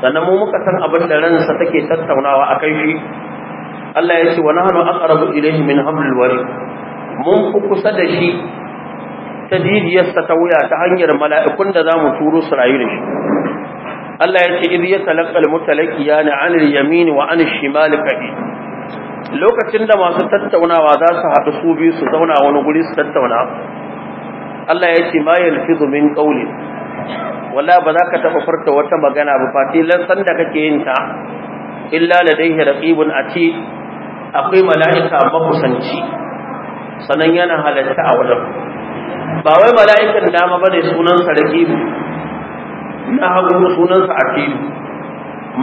sannan mu muka san abin da ransa take tattaunawa akan shi Allah ya ce wa nahnu aqrabu ilayhi min hablil warid mun fi kusa da shi ta didiyarsa ta wuya ta hanyar mala'ikun da za mu turo su rayu da shi Allah ya ce idh yatalaqqa al-mutalaqiyan yamin wa 'an al-shimal qa'id lokacin da masu tattaunawa za su haɗu su biyu su zauna wani guri su tattauna Allah ya ce ma yalfizu min qawli wala ba za ka taɓa furta wata magana ba fati lan san da kake yin ta illa ladayhi raqibun ati akwai mala'ika sanci sanan yana halatta a wajen ba wai mala'ikan dama bane sunan sa raqibu na hagu sunan sa atidu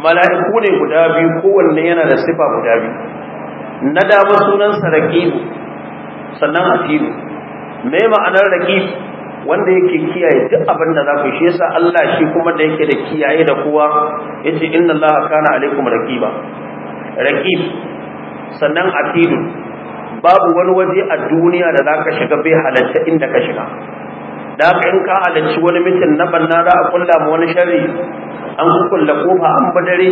mala'iku ne guda biyu kowanne yana da sifa guda biyu na dama sunansa rakibu, sannan atibu me ma'anar raqib wanda yake kiyaye duk abin da za ku shi yasa Allah shi kuma da yake da kiyaye da kowa yace inna Allah kana alaikum raqiba raqib sannan atidu babu wani waje a duniya da zaka shiga bai halatta inda ka shiga da ka in ka halarci wani mutum na banna za a kulla ma wani sharri an kulla kofa an badare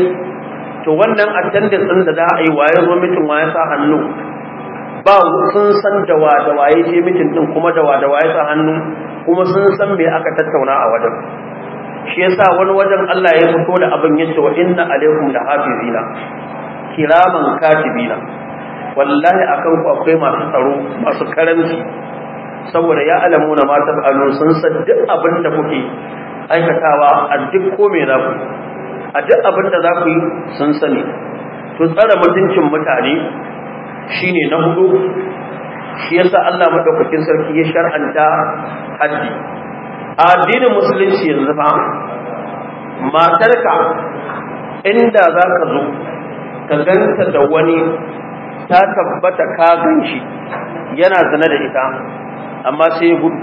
to wannan attendance din da za a yi waye zo mitin waye sa hannu ba sun san da wa da waye je mitin din kuma da wa da waye sa hannu kuma sun san me aka tattauna a wajen shi yasa wani wajen Allah ya fito da abin yace wa inna alaikum da hafizina kiraman katibina wallahi akan ku akwai masu tsaro masu karanci saboda ya alamu na matan alu sun san duk abin da kuke aikatawa a duk kome na ku a duk abin da za ku yi sun sani to tsara mutuncin mutane shine na hudu shi yasa Allah madaukakin sarki ya shar'anta haddi A addinin musulunci yanzu ba matarka inda za ka zo ka ganta da wani ta tabbata ka ganshi yana zana da ita amma sai ya gudu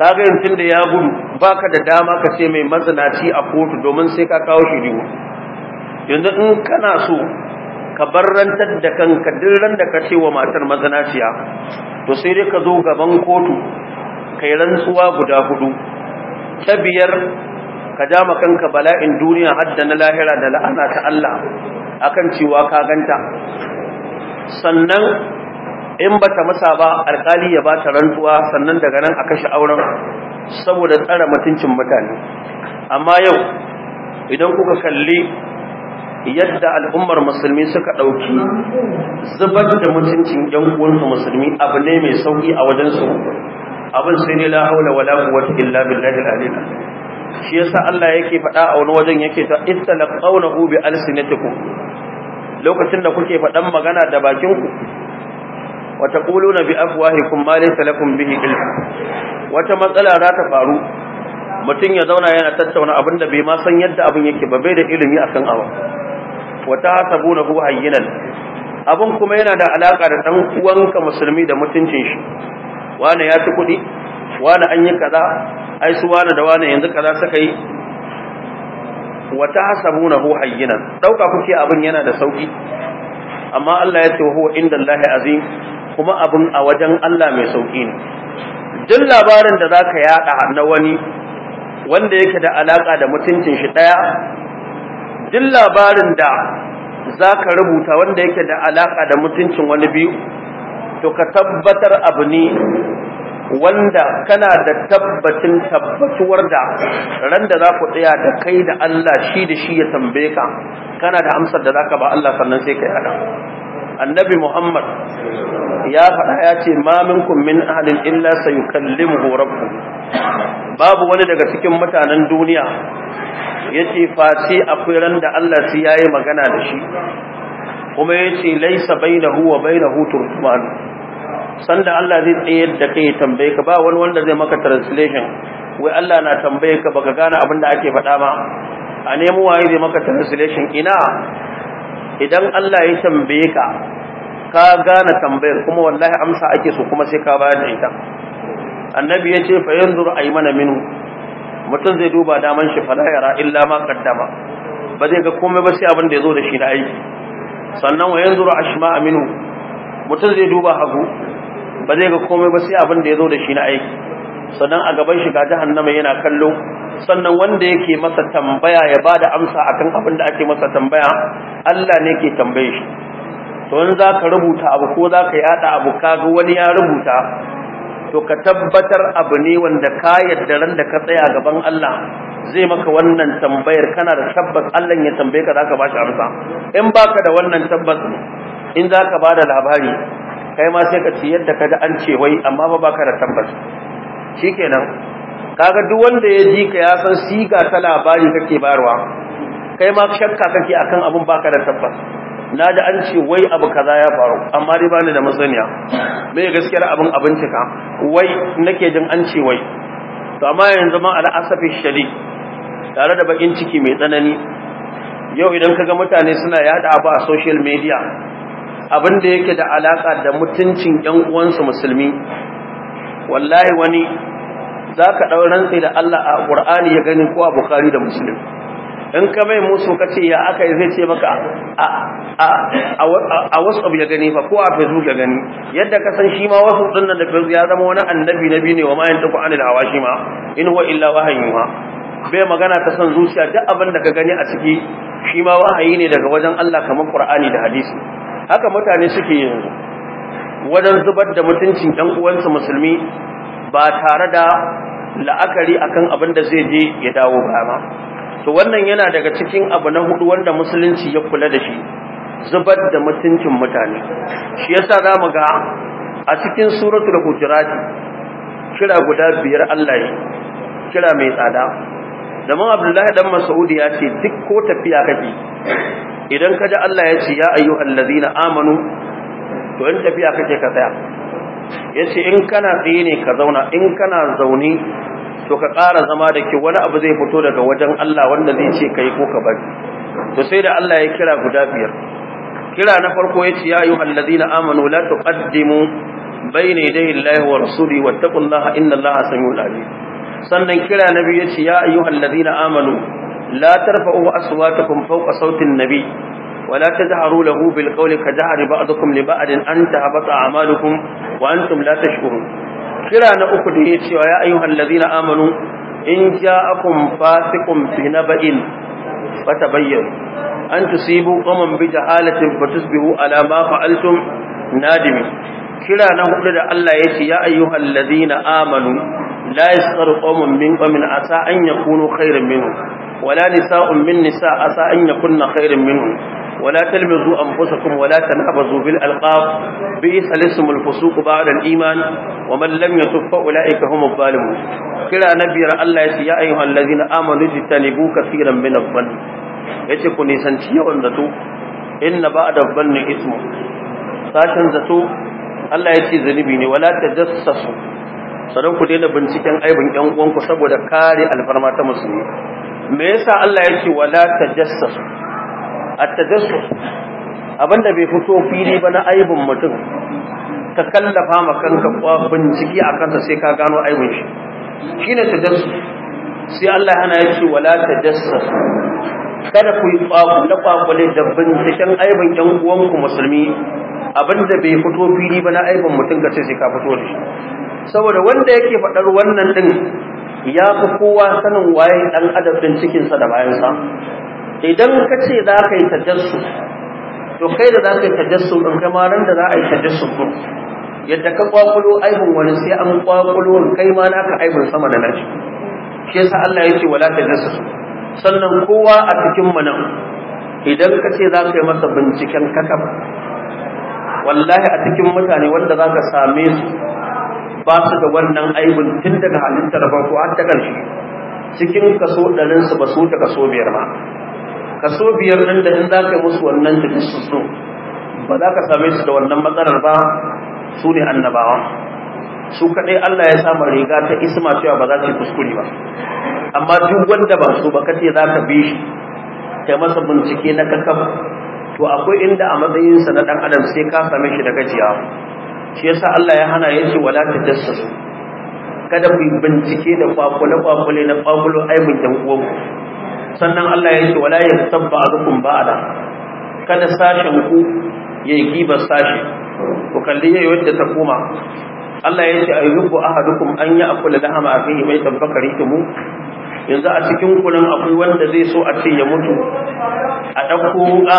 kaga yanzu da ya gudu baka da dama ka ce mai mazanaci a kotu domin sai ka kawo shi riwo yanzu in kana so ka barrantar da kanka duk ran da ka ce wa matar mazanaciya to sai dai ka zo gaban kotu kai rantsuwa guda hudu ta biyar ka ja ma kanka bala'in duniya har da na lahira da la'ana ta Allah akan cewa ka ganta sannan in bata masa ba alkali ya ba ta rantuwa sannan daga nan a kashe auren saboda tsara mutuncin mutane amma yau idan kuka kalli yadda al'ummar musulmi suka ɗauki zubar da mutuncin yan uwansu musulmi abu ne mai sauki a wajensu abin sai ne la haula wala quwwata illa billahi al shi yasa Allah yake faɗa a wani wajen yake ta istalaqawnahu bi alsinatikum lokacin da kuke faɗan magana da bakin ku wa taquluna bi afwahikum ma laysa lakum bihi ilm wata matsala za ta faru mutum ya zauna yana tattauna abin da bai ma san yadda abin yake ba bai da ilimi akan abu wa hu hayyinan abin kuma yana da alaka da dan uwanka musulmi da mutuncin shi wani ya ci kuɗi wani an yi kaza ai su wani da wani yanzu kaza suka yi wa hu hayyinan dauka kuke abin yana da sauki amma Allah ya ce huwa inda Allah azim kuma abin a wajen Allah mai sauƙi ne duk labarin da zaka yaɗa na wani wanda yake da alaƙa da mutuncin shi ɗaya duk labarin da zaka rubuta wanda yake da alaƙa da mutuncin wani biyu to ka tabbatar abu ne wanda kana da tabbacin tabbatuwar da ran da za ku tsaya da kai da Allah shi da shi ya tambaye ka kana da amsar da zaka ba Allah sannan sai ka yaɗa. annabi muhammad ya faɗa ya ce ma minkum min ahadin illa mu rabbuh babu wani daga cikin mutanen duniya yace face akwai ran da Allah ya yayi magana da shi kuma yace laisa bainahu wa bainahu turjuman sanda Allah zai tsayar da kai tambaye ka ba wani wanda zai maka translation wai Allah na tambaye ka baka gane abin da ake faɗa ba a nemo waye zai maka translation ina idan Allah ya tambaye ka ka gane tambayar kuma wallahi amsa ake so kuma sai ka bayar da ita annabi ya ce fa yanzur aymana minhu mutum zai duba daman shi fa yara illa ma qaddama ba zai ga komai ba sai abin da yazo da shi na aiki sannan wa yanzur ashma minhu mutum zai duba hagu ba zai ga komai ba sai abin da yazo da shi na aiki sannan a gaban shi ga jahannama yana kallo sannan wanda yake masa tambaya ya bada amsa akan abin da ake masa tambaya Allah ne ke tambaye shi to in za ka rubuta abu ko za ka yada abu kaga wani ya rubuta to ka tabbatar abu ne wanda ka yadda ran da ka tsaya gaban Allah zai maka wannan tambayar kana da tabbas Allah ya tambaye ka zaka bashi amsa in baka da wannan tabbas in zaka bada labari kai ma sai ka ce yadda ka kaga an ce wai amma ba baka da tabbas shikenan kaga duk wanda ya ji ka ya san siga ta labari kake bayarwa, kai ma shakka kake akan abun baka da tabbas na ji an ce wai abu kaza ya faru amma dai bani da masaniya me gaskiyar abin abincika wai nake jin an ce wai to amma yanzu ma al'asafi shari tare da bakin ciki mai tsanani yau idan kaga mutane suna yada abu a social media abin da yake da alaka da mutuncin yan uwansu musulmi wallahi wani za ka ɗau rantsi da Allah a ƙur'ani ya gani ko a bukari da musulun in ka mai musu ka ce ya aka yi zai ce maka a WhatsApp ya gani fa ko a Facebook ya gani yadda ka san shi ma wasu din da Facebook ya zama wani annabi biyu ne wa mayan yantaku anil hawa shi ma in huwa illa ma. bai magana ta san zuciya ta abin da ka gani a ciki shi ma wahayi ne daga wajen Allah kamar Qur'ani da hadisi haka mutane suke yanzu wajen zubar da mutuncin ɗan uwansa musulmi ba tare da la'akari akan abin da zai je ya dawo ba to wannan yana daga cikin abu na hudu wanda musulunci ya kula da shi zubar da mutuncin mutane shi yasa za mu ga a cikin suratul hujurati kira guda biyar Allah ya kira mai tsada zaman abdullahi dan mas'udi ya ce duk ko tafiya kake idan ka ji Allah ya ce ya ayyuhallazina amanu to in tafiya kake ka tsaya yace in kana tsaye ne ka zauna in kana zaune to ka ƙara zama da ke wani abu zai fito daga wajen Allah wanda zai ce ka yi ko ka bari to sai da Allah ya kira guda biyar kira na farko yace ya ayyuhal ladina amanu la tuqaddimu bayna yadayi Allahi wa rasuli wattaqullaha inna Allaha samiyul alim sannan kira na yace ya ayyuhal ladina amanu la tarfa'u aswatakum fawqa sautin nabi ولا تجهروا له بالقول كجهر بعضكم لبعض أن تهبط أعمالكم وأنتم لا تشكرون كلا نأخذ يتشي يا أيها الذين آمنوا إن جاءكم فاسق بنبأ فتبينوا أن تصيبوا قوما بجهالة فتصبحوا على ما فعلتم نادمين كلا نأخذ الله يتشي يا أيها الذين آمنوا لا يسخر قوم من قوم عسى أن يكونوا خيرا منهم ولا نساء من نساء عسى أن يكن خيرا منهم ولا تلمزوا أنفسكم ولا تنابزوا بالألقاب بئس الاسم الفسوق بعد الإيمان ومن لم يتب فأولئك هم الظالمون كلا نبي الله يا أيها الذين آمنوا اجتنبوا كثيرا من الظن يتكون نسانتي والنتو إن بعد الظن اسم ساشن زتو Allah ya ce zanibi ne wala tajassasu sanan ku daina binciken aibin ƴan uwanku saboda kare alfarma ta musulmi me yasa Allah ya ce wala tajassasu at abin da bai fito fili ba na aibin mutum ka kallafa ma kanka kwa bincike a kansa sai ka gano aibin shi shine tajassus sai Allah yana ce wala tajassus kada ku yi kwakule kwakule da binciken aibin yan uwanku musulmi da bai fito fili ba na aibin mutum ka ce sai ka fito da shi saboda wanda yake faɗar wannan din ya fi kowa sanin waye ɗan adabin cikinsa da bayansa idan ka ce za ka yi tajassu to kai da za ka yi tajassu ɗin kamarin da za a yi tajassu ɗin yadda ka kwakulo aibin wani sai an kwakulo kai ma naka aibin sama da nashi shi yasa Allah ya ce wala tajassu sannan kowa a cikin mu nan idan ka ce za ka yi masa binciken kakaf wallahi a cikin mutane wanda za ka same su ba su da wannan aibin tun daga halittar farko har ta ƙarshe cikin kaso ɗarinsu ba su ta kaso biyar ma kaso biyar ɗin da in za ka yi musu wannan so ba za ka same su da wannan matsalar ba su ne annabawa su kaɗai Allah ya sama riga ta isma cewa ba za ta yi kuskure ba amma duk wanda ba su ba kace za ka bi shi kai masa bincike na kakaf to akwai inda a matsayinsa na ɗan adam sai ka same shi da gajiya shi yasa Allah ya hana ya ce wala ta jassasu kada ku bincike da kwakwale-kwakwale na kwakwalo aibin ɗan uwanku sannan Allah ya ce wala ya yaktab ba'dukum ba'da kada sashen ku yayi giba sashi ku kalli yayi wanda ta koma Allah ya ce a ahadukum an ya'kula lahama akhihi maitan fakaritumu yanzu a cikin kunan akwai wanda zai so a ce ya mutu a ɗauko a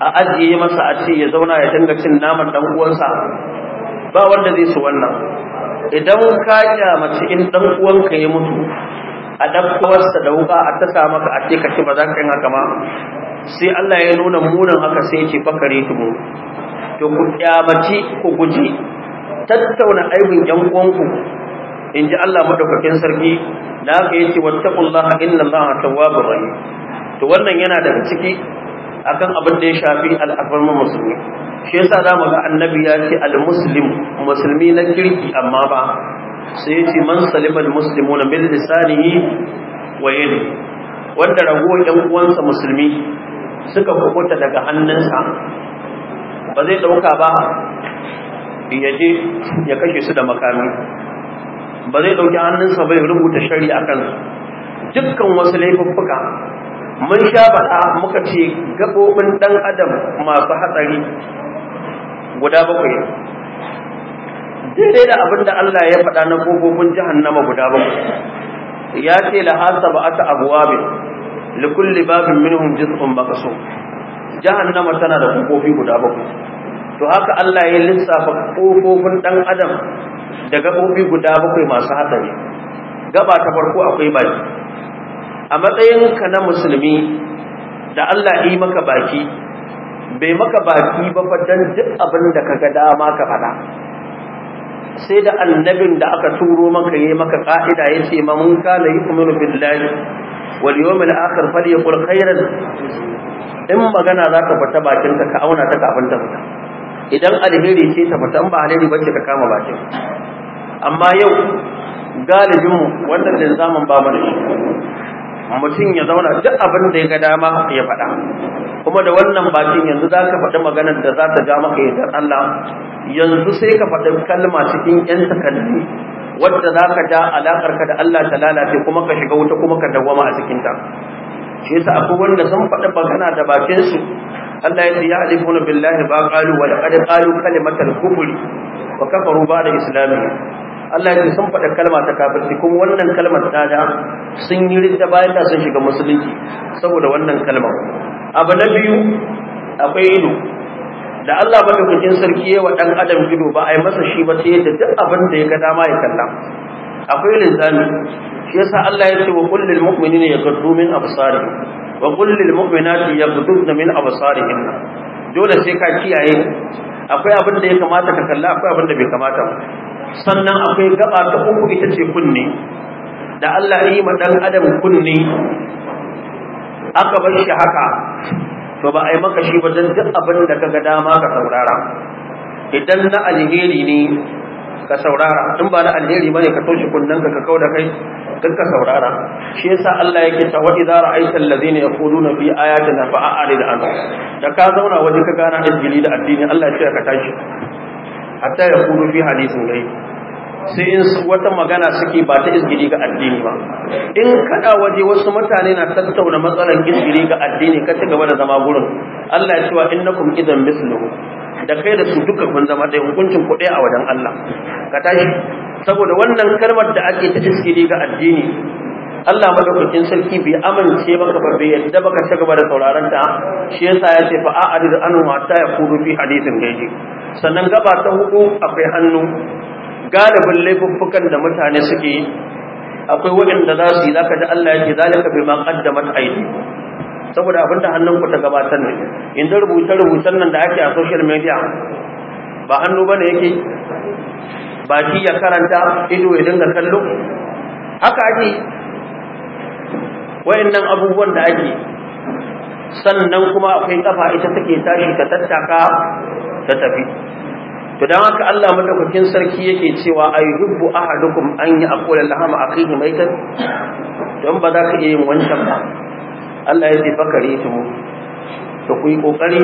a ajiye masa a ce ya zauna ya dinga cin naman ɗan uwansa ba wanda zai so wannan idan ka mace in dan uwanka ya mutu a sa da wuka a tasa maka a ce ka ci ba za ka yi haka ma sai Allah ya nuna munin haka sai ce bakare mu to ku kyamaci ku guji tattauna aibin yan uwanku in ji Allah madaukakin sarki da haka yace wattaqullaha inna Allah tawwabur rahim to wannan yana daga ciki akan abin da ya shafi al'afarmu musulmi shi yasa za mu ga annabi ya ce al-muslim musulmi na kirki amma ba sai ya ce man salimal muslimu na mil lisanihi wa yadi wanda rago yan uwansa musulmi suka kubuta daga hannunsa ba zai dauka ba ya je ya kashe su da makami ba zai dauki hannunsa ba ya rubuta shari'a kan dukkan wasu laifuffuka mun sha faɗa muka ce gaɓoɓin ɗan adam masu hatsari guda bakwai daidai da abin da Allah ya faɗa na gogogun jahannama guda bakwai ya ce la hasa ba ata li kulli babin minhum juz'un maqsum jahannama tana da gogogi guda bakwai to haka Allah ya lissafa gogogun dan adam da gabobi guda bakwai masu hatsari gaba ta farko akwai baki a matsayinka na musulmi da Allah yi maka baki bai maka baki ba fadan duk abin da ka ga dama ka faɗa sai da annabin da aka turo maka yi maka ka'ida ya ce ma mun kana yi kuminu billahi wal yawmil akhir falyaqul khairan in magana za ka fita bakin ka auna ta kafin ta fita idan alheri ce ta fita ba alheri ba ce ka kama bakin amma yau galibin wannan da zaman ba mana shi mutum ya zauna duk abin da ya ga dama ya faɗa kuma da wannan bakin yanzu za ka faɗi maganar da za ta ja maka yadda Allah yanzu sai ka faɗi kalma cikin ‘yan takalmi wadda za ka ja alaƙarka da Allah ta lalace kuma ka shiga wuta kuma ka dawwama a cikinta shi yasa akwai wanda sun faɗi magana da bakinsu Allah ya ce ya alifuna billahi ba qalu wa laqad qalu kalimatal kufri wa kafaru ba da islamiyya. Allah ya sun faɗa kalma ta kafirci kuma wannan kalmar ta da sun yi rinta bayan ta sun shiga musulunci saboda wannan kalmar abu na biyu akwai ido da Allah madaukakin sarki ya wa dan adam ido ba a yi masa shi ba sai da duk abin da ya ga dama ya kalla akwai linzami shi yasa Allah ya ce wa qul ne mu'minina yaghuddu min absarihim wa qul mu'minati yaghudduna min absarihin dole sai ka kiyaye akwai abin da ya kamata ka kalla akwai abin da bai kamata sannan akwai gaba ta uku ita ce kunne da Allah yi ma dan adam kunne aka bar shi haka to ba a yi maka shi ba don duk abin da kaga dama ka saurara idan na alheri ne ka saurara in ba na alheri bane ka toshe kunnen ka ka kauda kai duk ka saurara shi yasa Allah yake ta wa idara ra'aita allazina yaquluna fi ayatina a'rid anhu da ka zauna waje ka gana injili da addini Allah ya ce ka tashi hatta ya kudu fi hadisin gai sai in wata magana suke ba ta izgiri ga addini ba in kada waje wasu mutane na tattauna matsalar izgiri ga addini ka ci gaba da zama gurin Allah ya cewa innakum idan misluhu da kai da su duka kun zama ɗaya hukuncin ku ɗaya a wajen Allah ka tashi saboda wannan kalmar da ake ta izgiri ga addini Allah madaukakin sarki bai amince maka ba bai yadda baka ci gaba da sauraron ta shi yasa ya ce fa an anhu ya yakunu fi hadithin gaji sannan gaba ta hudu akwai hannu galibin laifuffukan da mutane suke yi akwai waɗanda za su yi zaka ji Allah ya ce zalika bima qaddamat aidi saboda abinda hannun ku ta gabatar ne inda rubuce rubutan nan da ake a social media ba hannu bane yake baki ya karanta ido ya dinga kallo haka ake wayannan abubuwan da ake sannan kuma akwai kafa ita take tashi ta tattaka ta tafi to dan haka Allah madaukakin sarki yake cewa ayyubu ahadukum an aqula lahama akhihi maitan don ba za ka iya yin wancan ba Allah ya ce bakare to to ku yi kokari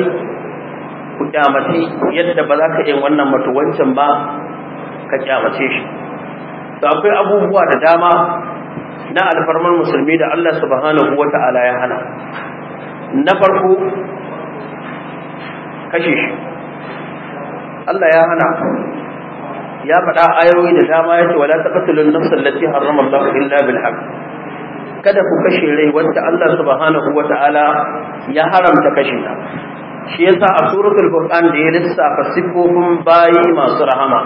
ku kyamace yadda ba za ka iya wannan mutuwancin wancan ba ka kyamace shi to akwai abubuwa da dama na alfarmar musulmi da Allah subhanahu wa ta'ala ya hana na farko kashe shi Allah ya hana ya faɗa ayoyi da dama ya ce wala taqtulun nafsan allati harrama Allah illa bil haqq kada ku kashe rai wanda Allah subhanahu wa ta'ala ya haramta kashe ta shi yasa a suratul furqan da ya lissafa sifofin bayi masu rahama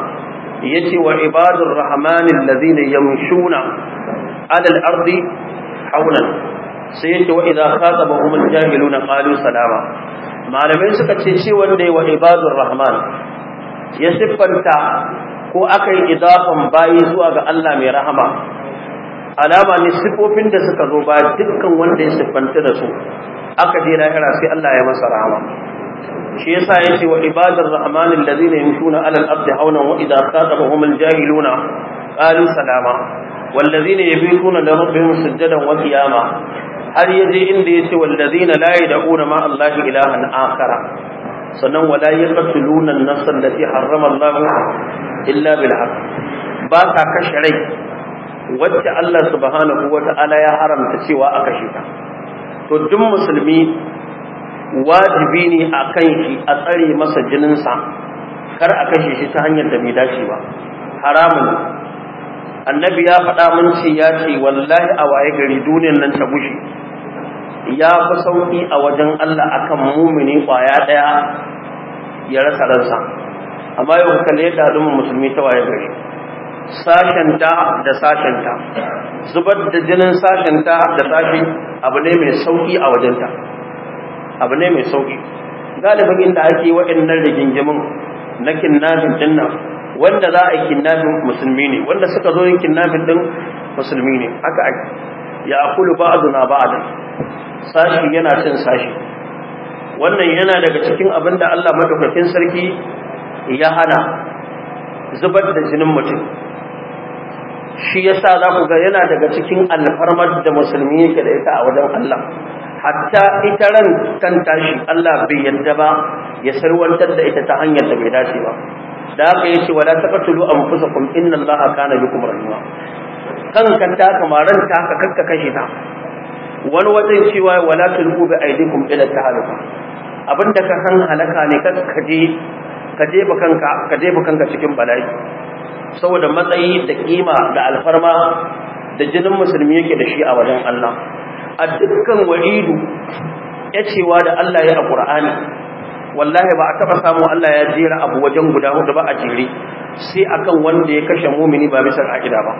yace wa ibadur rahmanil ladina yamshuna alal ardi haulan sai yake wa idza khatabahum al-jahiluna qalu salama malamai suka ce shi wanda wa ibadur rahman ya siffanta ko akai idafan bayi zuwa ga Allah mai rahama alama ne sifofin da suka zo ba dukkan wanda ya siffanta da su aka je lahira sai Allah ya masa rahama shi yasa yace wa ibadur rahman alladhina yamshuna ala al-ardi hawlan wa idza khatabahum al-jahiluna qalu salama wallazina yabituna li rabbihim sujadan wa qiyama har yaje inda yace wallazina la yad'una ma Allah ilahan akhara sannan wala yaqtuluna an-nafs allati harrama Allah illa bil haqq ba ka kashe rai wacce Allah subhanahu ta'ala ya haramta cewa a kashe ta to duk musulmi wajibi ne a kan shi a tsare masa jininsa kar a kashe shi ta hanyar da bai dace ba haramun annabi ya faɗa mun ce ya ce wallahi a waye gari duniyar nan ta bushe ya fi sauƙi a wajen Allah akan mumini ƙwaya ɗaya ya rasa ransa amma yau kalle da al'ummar musulmi ta waye gari sashenta da sashenta zubar da jinin sashenta da sashi abu ne mai sauƙi a wajenta abu ne mai sauƙi galibin inda ake waɗannan rigingimin na kinnafin dinnan wanda za a yi kidnapping musulmi ne wanda suka zo yin kidnapping din musulmi ne haka ake ya akulu ba'duna ba'dan sashi yana cin sashi wannan yana daga cikin abin da Allah madaukakin sarki ya hana zubar da jinin mutum shi yasa za ku ga yana daga cikin alfarmar da musulmi yake da ita a wajen Allah hatta ita ran kan tashi Allah bai yadda ba ya sarwantar da ita ta hanyar da bai dace ba da yi shi wala taqtulu anfusakum inna allaha kana bikum rahima kan ta kamaran ta ka kanka kashe ta wani wajen cewa wala tulu bi aidikum ila tahaluka abinda ka san halaka ne kan kaje ka kanka ka ba kanka cikin bala'i saboda matsayi da kima da alfarma da jinin musulmi yake da shi a wajen Allah a dukkan wa'idu ya cewa da Allah ya a Qur'ani wallahi ba a taba samu Allah ya jera abu wajen guda hudu ba a jere sai akan wanda ya kashe mumini ba bisa ka'ida ba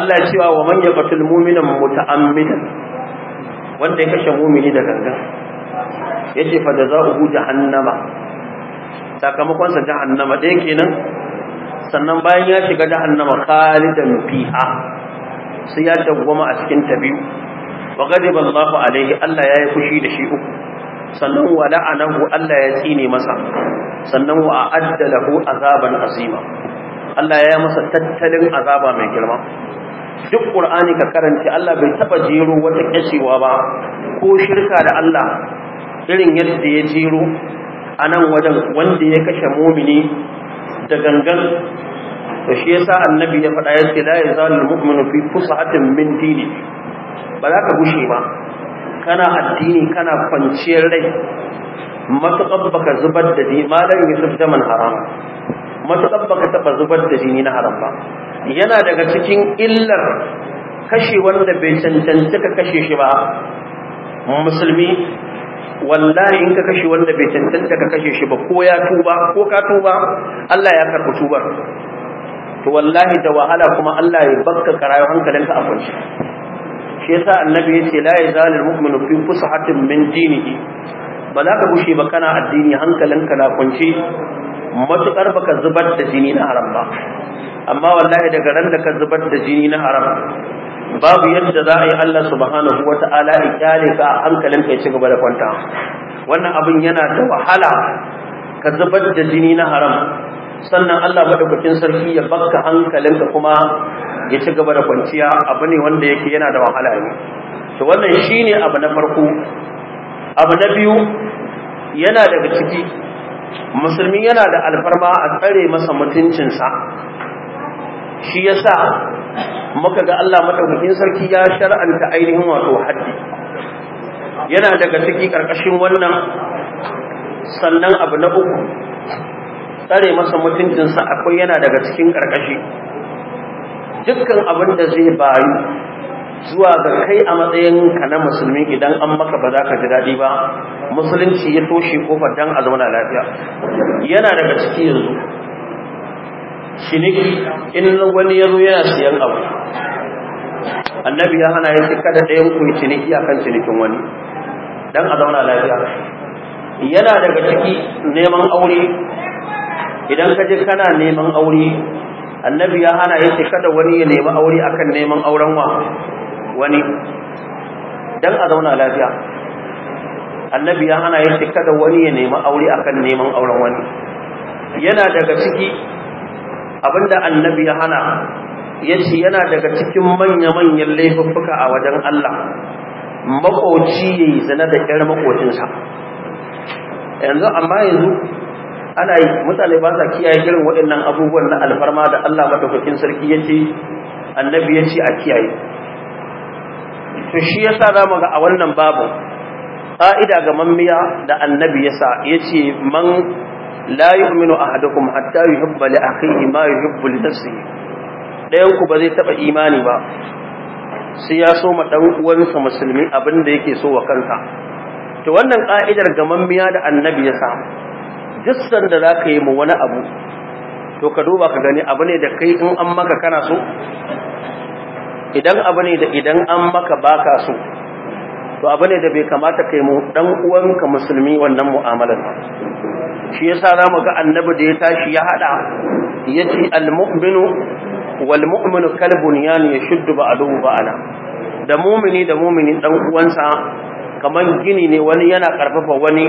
Allah ya cewa wa man yaqtul mu'mina muta'ammidan wanda ya kashe mumini da gangan yace fa jazaohu jahannama sakamakon sa jahannama dai kenan sannan bayan ya shiga jahannama khalidan fiha sai ya dawwama a cikin tabi'u wa ghadiba Allahu alaihi Allah ya yi fushi da shi uku sannan wa la'anahu Allah ya tsine masa sannan wa a'adda azaban azima Allah ya masa tattalin azaba mai girma duk qur'ani ka karanta Allah bai taba jero wata kashewa ba ko shirka da Allah irin yadda ya jero a nan wajen wanda ya kashe mumini da gangan to shi yasa annabi ya faɗa yace la yazalu mu'minu fi fusahatin min dini ba za ka gushe ba kana addini kana kwanciyar rai matuƙar baka zubar da jini malam yusuf jaman haram matuƙar baka taɓa zubar da jini na haram ba yana daga cikin illar kashe wanda bai cancanci ka kashe shi ba musulmi wallahi in ka kashe wanda bai cancanci ka kashe shi ba ko ya tuba ko ka tuba Allah ya karɓi tubar to wallahi da wahala kuma Allah ya bakka karayo hankalinka a kwance shi yasa annabi yace la yazalu mu'minu fi fusahatin min dinihi ba za ka gushe ba kana addini hankalinka na kunce matukar baka zubar da jini na haram ba amma wallahi daga ran da ka zubar da jini na haram babu yadda za a yi Allah subhanahu wa ta'ala ya kyale ka a hankalin ka ya ci gaba da kwanta wannan abin yana da wahala ka zubar da jini na haram sannan Allah madaukakin sarki ya bakka hankalin kuma ya ci gaba da kwanciya abu ne wanda yake yana da wahala ne to wannan shine abu na farko abu na biyu yana daga ciki musulmi yana da alfarma a tsare masa mutuncinsa shi yasa muka ga Allah madaukakin sarki ya shar'anta ainihin wato haddi yana daga ciki karkashin wannan sannan abu na uku tsare masa mutuncinsa akwai yana daga cikin karkashi dukkan abin da zai bayu zuwa ga kai a matsayinka na musulmi idan an maka ba za ka ji daɗi ba musulunci ya toshe kofar dan a zauna lafiya yana daga ciki yanzu ciniki in wani ya zo yana siyan abu annabi ya hana ya da ɗayan ku ciniki a akan cinikin wani dan a zauna lafiya yana daga ciki neman aure idan ka je kana neman aure annabi ya hana ce kada wani ya nemi aure akan neman auren wa wani dan a zauna lafiya annabi ya hana ce kada wani ya nemi aure akan neman auren wani yana daga ciki abinda annabi ya hana yace yana daga cikin manya-manyan laifuffuka a wajen Allah makoci yayi zina da ƴar makocinsa yanzu amma yanzu ana yi mutane ba sa kiyaye irin waɗannan abubuwan na alfarma da Allah madaukakin sarki yace annabi yace a kiyaye to shi yasa zamu ga a wannan babu ƙa'ida ga mammiya da annabi yasa yace man la yu'minu ahadukum hatta yuhibba li akhihi ma yuhibbu li nafsihi dayan ku ba zai taba imani ba sai ya so ma dan uwansa musulmi abin da yake so wa kanka to wannan ƙa'idar gamammiya da annabi ya samu duk sanda za ka yi mu wani abu to ka duba ka gani abu ne da kai in an maka kana so idan abu ne da idan an maka baka so to abu ne da bai kamata kai mu dan uwanka musulmi wannan mu'amalar shi yasa mu ga annabi da ya tashi ya hada yace almu'minu wal mu'minu kal bunyan yashuddu ba'dahu ba'ala da mu'mini da mu'minin dan uwansa kaman gini ne wani yana karfafa wani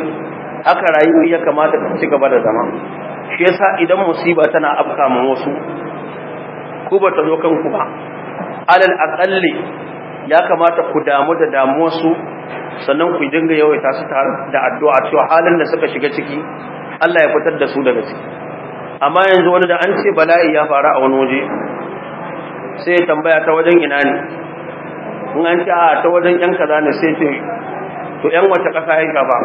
haka rayu-rayu ya kamata ka ci gaba da zama shi yasa idan musiba tana afka ma wasu ku ba ta zo kanku ba alal aqalli ya kamata ku damu da wasu sannan ku dinga yawaita su tare da addu'a cewa halin da suka shiga ciki Allah ya fitar da su daga ciki amma yanzu wani da an ce bala'i ya faru a wani waje sai ya tambaya ta wajen ina ne in an ce a ta wajen yan kaza ne sai ce to yan wata ƙasa ya gaba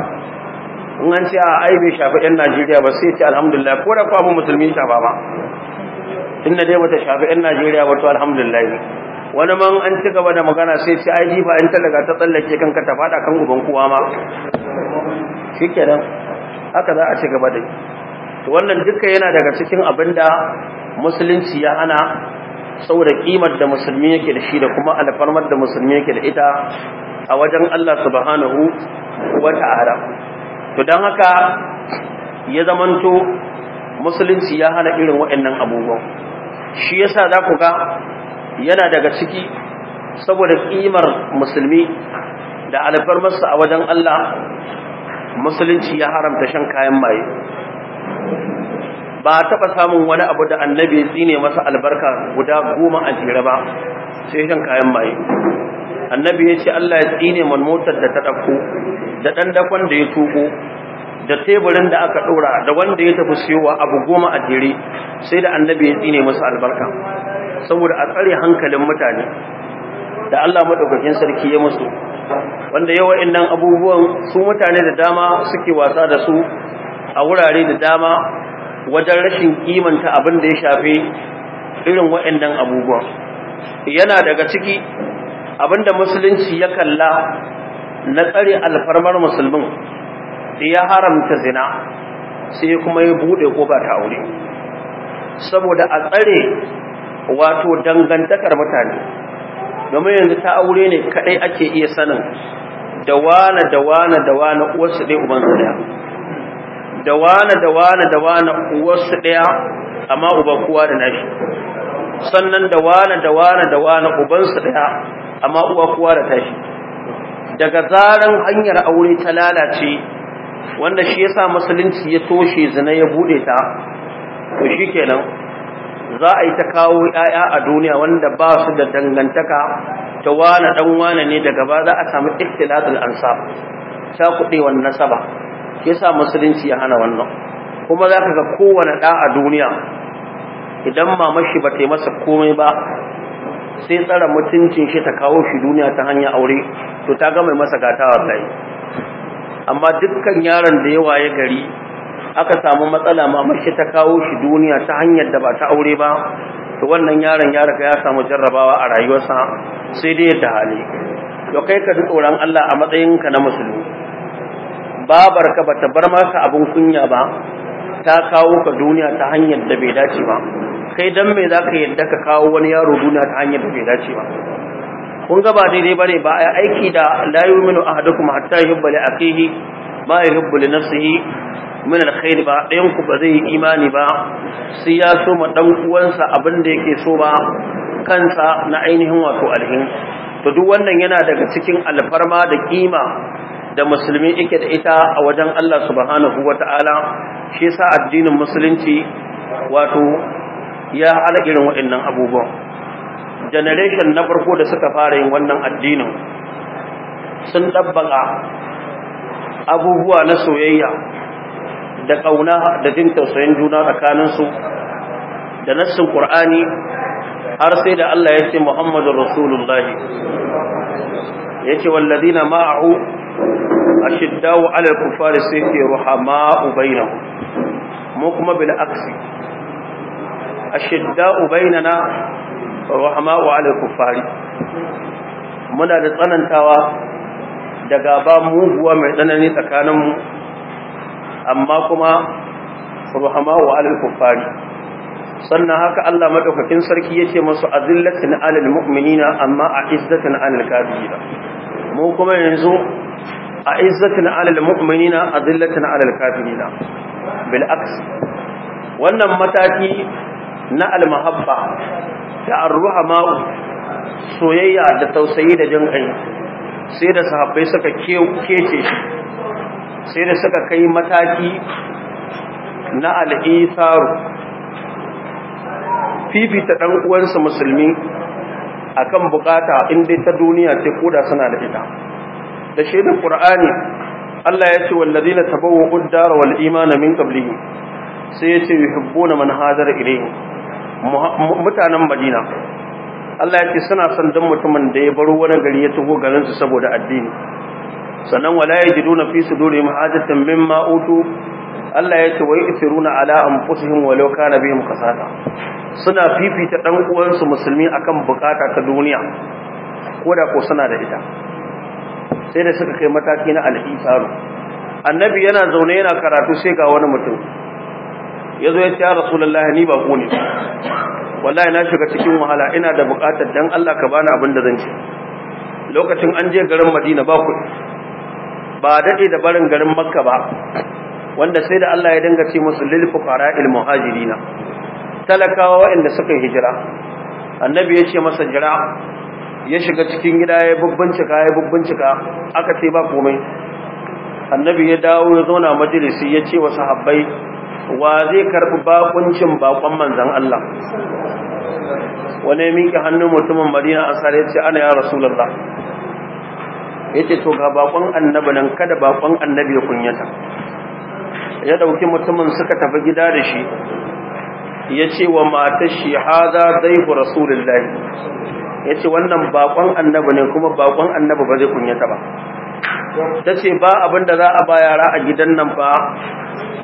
in an ce a ai bai shafi yan Najeriya ba sai ce alhamdulillah ko da ko abin musulmi shafa ba inda dai bata shafi yan Najeriya ba to alhamdulillah wani man an ci gaba da magana sai ce ai ji ba in talaga ta tsallake kanka ta fada kan uban kowa ma shikenan haka za a ci gaba da to wannan duka yana daga cikin abin da musulunci ya hana saboda kimar da musulmi yake da shi da kuma alfarmar da musulmi yake da ita a wajen Allah subhanahu wa ta'ala to don haka ya zamanto musulunci ya hana irin waɗannan abubuwa, shi yasa za ku ga yana daga ciki saboda ƙimar musulmi da alfarmarsa a wajen Allah musulunci ya haramta shan kayan maye ba a taɓa samun wani abu da annabi tsine masa albarka guda goma a jere ba sai shan kayan maye annabi ya ce Allah ya tsine man motar da ta ɗauko da ɗan dakon da ya tuko da teburin da aka ɗora da wanda ya tafi siyowa abu goma a jere sai da annabi ya tsine masa albarka saboda a tsare hankalin mutane da Allah maɗaukakin sarki ya musu wanda yawa innan abubuwan su mutane da dama suke wasa da su a wurare da dama wajen rashin kimanta abin da ya shafi irin waɗannan abubuwan yana daga ciki abinda musulunci ya kalla na tsare alfarmar musulmin ya haramta zina sai kuma ya bude ba ta aure saboda a tsare wato dangantakar mutane domin yanzu ta aure ne kadai ake iya sanin da wane da wane da wane uwarsu ɗaya ubansu ɗaya da wane da wane da wane uwarsu ɗaya amma uban kowa da nashi sannan da wane da wane da wane ɗaya amma uwa kowa da tashi daga zaran hanyar aure ta lalace wanda shi yasa musulunci ya toshe zina ya bude ta to shikenan za a yi ta kawo 'ya'ya a duniya wanda ba su da dangantaka ta wane dan wane ne daga ba za a samu ikhtilatul ansab ta wannan nasaba shi yasa musulunci ya hana wannan kuma za ka ga kowane ɗa a duniya idan mamashi ba ta yi masa komai ba sai tsara mutuncin shi ta kawo shi duniya ta hanyar aure to ta ga masa gata kai amma dukkan yaron da yawa ya gari aka samu matsala mamashi ta kawo shi duniya ta hanyar da ba ta aure ba to wannan yaron ya riga ya samu jarrabawa a rayuwarsa sai dai yadda hali to kai ka ji tsoron Allah a matsayin ka na musulmi babarka bata bar maka abin kunya ba ta kawo ka duniya ta hanyar da bai dace ba kai dan me za ka yadda ka kawo wani yaro duniya ta hanyar da bai dace ba kun ga ba daidai ba ne ba a aiki da la yu'minu ahadukum hatta yuhibba li akhihi ma yuhibbu li nafsihi min alkhair ba ɗayan ku ba zai yi imani ba sai ya so ma dan uwansa abin da yake so ba kansa na ainihin wato alhin to duk wannan yana daga cikin alfarma da kima da musulmi yake da ita a wajen Allah subhanahu wata'ala shi yasa addinin musulunci wato ya hala irin waɗannan abubuwan generation na farko da suka fara yin wannan addinin sun ɗabbaƙa abubuwa na soyayya da ƙauna da jin tausayin juna tsakaninsu da nassin ƙur'ani har sai da Allah ya ce Muhammadu Rasulullahi ya ce wallazina ma'ahu ashiddawu alal kufari sai ke ruhama'u mu kuma bil aksi ashidda'u bainana rahma'u 'ala kuffari muna da tsanantawa da gaba muguwa mai tsanani tsakanin mu amma kuma rahma'u 'ala kuffari sannan haka Allah madaukakin sarki yace musu azillatin 'alal mu'minina amma a'izzatin 'alal kafirin mu kuma yanzu a'izzatin 'alal mu'minina azillatin 'alal kafirin bil aks wannan mataki na almahabba da arruhama'u soyayya da tausayi da jin ƙai sai da sahabbai suka kece shi sai da suka kai mataki na al'isaru fifita ɗan uwansa musulmi akan bukata inda ta duniya ce koda suna da ita da shaidar ƙur'ani Allah ya ce wallazina tabawwa'ud dara wal imana min qablihim sai ya ce yuhibbuna man manhajar ilayhim mutanen madina Allah ya ce suna son dan mutumin da ya bar wani gari ya tugo garin saboda addini sannan wala yajiduna fi sudurihim hajatan mimma utu Allah ya ce wa isiruna ala anfusihim walau kana bihim kasata suna fifita dan uwansu musulmi akan bukata ta duniya ko da ko suna da ita sai da suka kai mataki na al-isaru annabi yana zaune yana karatu sai ga wani mutum ya zo ya ce ya rasulullahi ni ba ne wallahi na shiga cikin wahala ina da bukatar dan Allah ka bani abin da zan ci lokacin an je garin Madina ba ku ba dade da barin garin Makka ba wanda sai da Allah ya dinga ce musu lil fuqara il muhajirina talakawa waɗanda suka hijira annabi ya ce masa jira ya shiga cikin gida ya bubbincika ya bubbincika aka ce ba komai annabi ya dawo ya zauna majalisi ya ce wa sahabbai wa zai karbi bakuncin bakon manzan Allah wani miƙe hannun mutumin madina ansar ya ce ana ya rasulallah ya ce to ga bakon annabi nan kada bakon annabi ya kunyata ya ɗauki mutumin suka tafi gida da shi ya ce wa matar shi haza zai zaihu rasulullahi ya ce wannan bakon annabi ne kuma bakon annabi ba zai kunyata ba ta ce ba abin da za a ba yara a gidan nan ba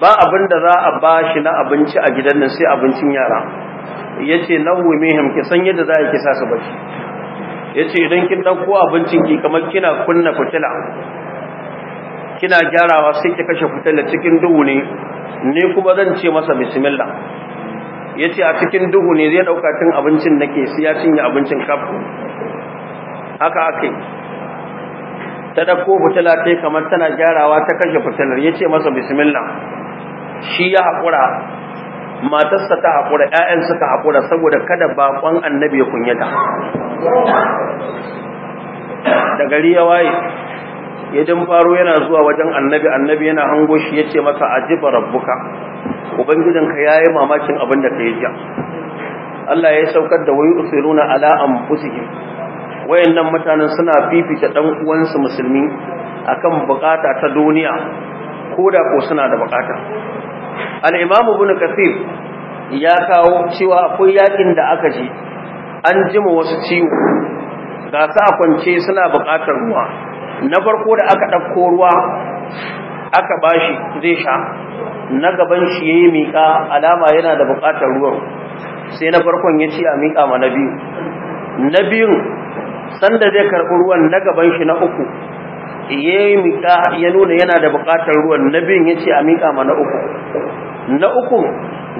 ba abin da za a ba shi na abinci a gidan nan sai abincin yara ya ce lahu mihim ki san yadda za a kisa su bashi ya ce idan kin ɗauko abincin ki kamar kina kunna fitila kina gyarawa sai ki kashe fitila cikin duhu ne ni kuma zan ce masa bismillah ya ce a cikin duhu ne zai ɗauka tun abincin nake sai ya cinye abincin kafin? haka aka yi ta dauko fitila ta kamar tana gyarawa ta kashe fitilar ya ce masa bismillah shi ya haƙura matarsa ta haƙura ‘ya'yan suka haƙura saboda kada baƙon annabi ya kunyata da gari ya waye ya jin faro yana zuwa wajen annabi annabi yana hango shi ya ce masa ajiba rabbuka ubangijinka ya yi mamakin abin da ka yi jiya Allah ya saukar da wayu usiruna ala anfusihim wayannan mutanen suna fifita ɗan uwansu musulmi akan bukata ta duniya ko da ko suna da bukata Alimamu imam ibn ya kawo cewa akwai yakin da aka ji an jima wasu ciwo ga su a kwance suna bukatar ruwa na farko da aka ɗauko ruwa aka bashi zai sha na gaban shi yayi miƙa alama yana da bukatar ruwan sai na farkon ya ce a miƙa ma na biyu na biyun sanda zai karɓi ruwan na gaban shi na uku ya miƙa ya nuna yana da buƙatar ruwan na biyun ya ce a miƙa ma na uku na uku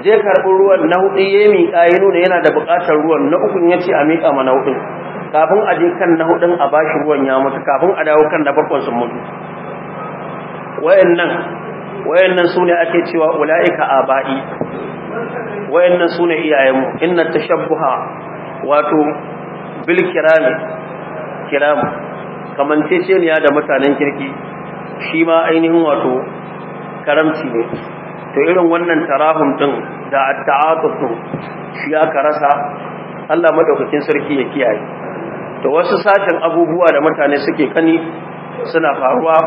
zai karɓi ruwan na hudu ya miƙa ya nuna yana da buƙatar ruwan na uku ya ce a miƙa ma na hudu kafin a je kan na hudun a bashi ruwan ya mutu kafin a dawo kan na farkon sun mutu wayannan wayannan ne ake cewa ulaika ba'i, wayannan su ne iyayenmu inna tashabbuha wato bil kirami kiramu kamanceceniya da mutanen kirki shi ma ainihin wato karamci ne to irin wannan tarahum din da at shi aka rasa Allah madaukakin sarki ya kiyaye to wasu sashen abubuwa da mutane suke kani suna faruwa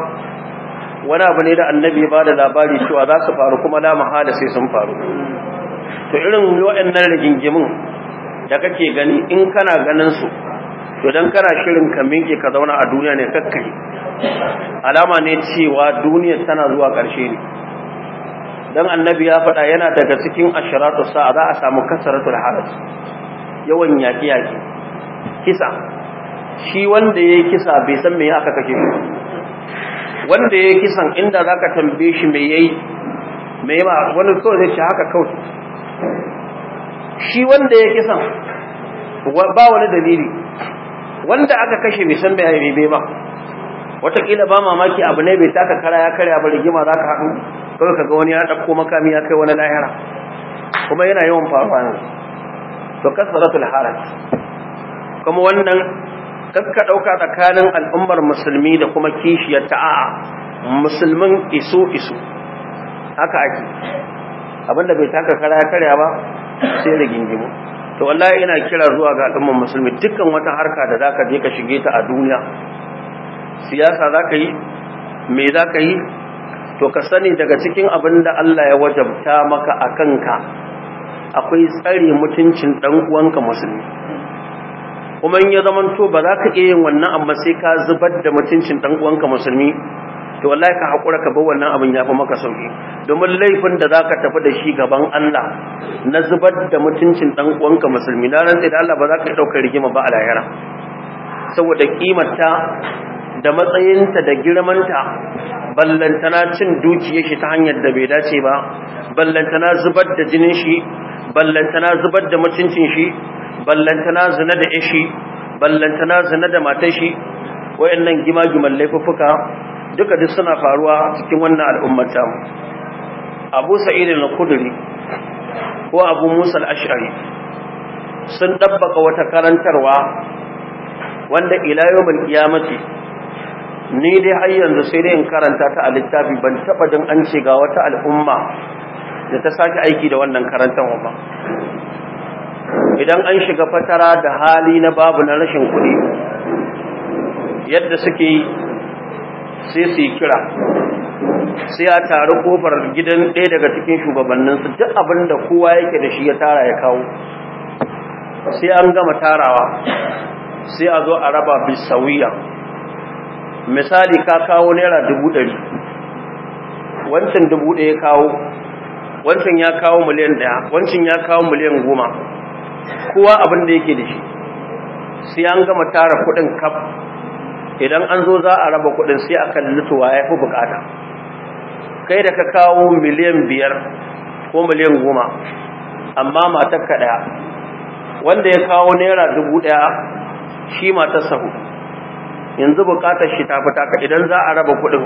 wani abu ne da annabi ba da labari cewa za su faru kuma la mahala sai sun faru to irin waɗannan rigingimin da kake gani in kana ganin su to dan kana shirin ka minke ka zauna a duniya ne kakkai alama ne cewa duniya tana zuwa ƙarshe ne dan annabi ya faɗa yana daga cikin asharatu sa'a za a samu kasaratul haraj yawan yaki yaki kisa shi wanda yayi kisa bai san me aka kashe wanda yayi kisan inda zaka tambaye shi me yayi me ma wani so zai ce haka kawai shi wanda yayi kisan ba wani dalili wanda aka kashe bai san bai bai ba watakila ba mamaki abu ne bai taka kara ya karya ba rigima za ka haɗu kawai ga wani ya ɗauko makami ya kai wani lahira kuma yana yawan faruwa ne, to kasaratul haraj kuma wannan kakka ɗauka tsakanin al'ummar musulmi da kuma kishiyar ta'a musulmin iso iso haka ake abinda bai taka kara ya karya ba sai da gingimu to wallahi ina kira zuwa ga al'ummar musulmi dukkan wata harka da zaka je ka shige ta a duniya siyasa zaka yi me zaka yi to ka sani daga cikin abin da Allah ya wajabta maka a kanka akwai tsare mutuncin dan uwanka musulmi kuma in ya zamanto ba za ka iya yin wannan amma sai ka zubar da mutuncin dan uwanka musulmi to wallahi ka haƙura ka bar wannan abin ya fi maka sauki domin laifin da za ka tafi da shi gaban Allah na zubar da mutuncin ɗan uwanka musulmi na rantsi da Allah ba za ka ɗaukar rigima ba a lahira saboda ƙimarta da matsayinta da girmanta ballantana cin dukiyar shi ta hanyar da bai dace ba ballantana zubar da jinin shi ballantana zubar da mutuncin shi ballantana zina da ishi ballantana zina da matar shi wayannan gima-giman laifuffuka duka duk suna faruwa cikin wannan al'ummata, ta Abu Sa'id al-Khudri ko Abu Musa al-Ash'ari sun dabbaka wata karantarwa wanda ila yawmin qiyamati ni dai har yanzu sai dai in karanta ta a littafi ban taba dan an ce ga wata al'umma da ta sake aiki da wannan karantarwa ba idan an shiga fatara da hali na babu na rashin kuɗi yadda suke sai su yi kira sai a taru kofar gidan ɗaya daga cikin shugabanninsu duk abin da kowa yake da shi ya tara ya kawo sai an gama tarawa sai a zo a raba bisawiya misali ka kawo naira dubu ɗari wancan dubu ɗaya kawo wancan ya kawo miliyan ɗaya wancan ya kawo miliyan goma kowa abin da yake da shi sai an gama tara kuɗin kaf idan an zo za a raba kuɗin sai a kalli tuwa ya fi bukata kai da ka kawo miliyan biyar ko miliyan goma amma matar ka ɗaya wanda ya kawo naira dubu ɗaya shi matar sahu yanzu bukatar shi ta fita ka idan za a raba kuɗin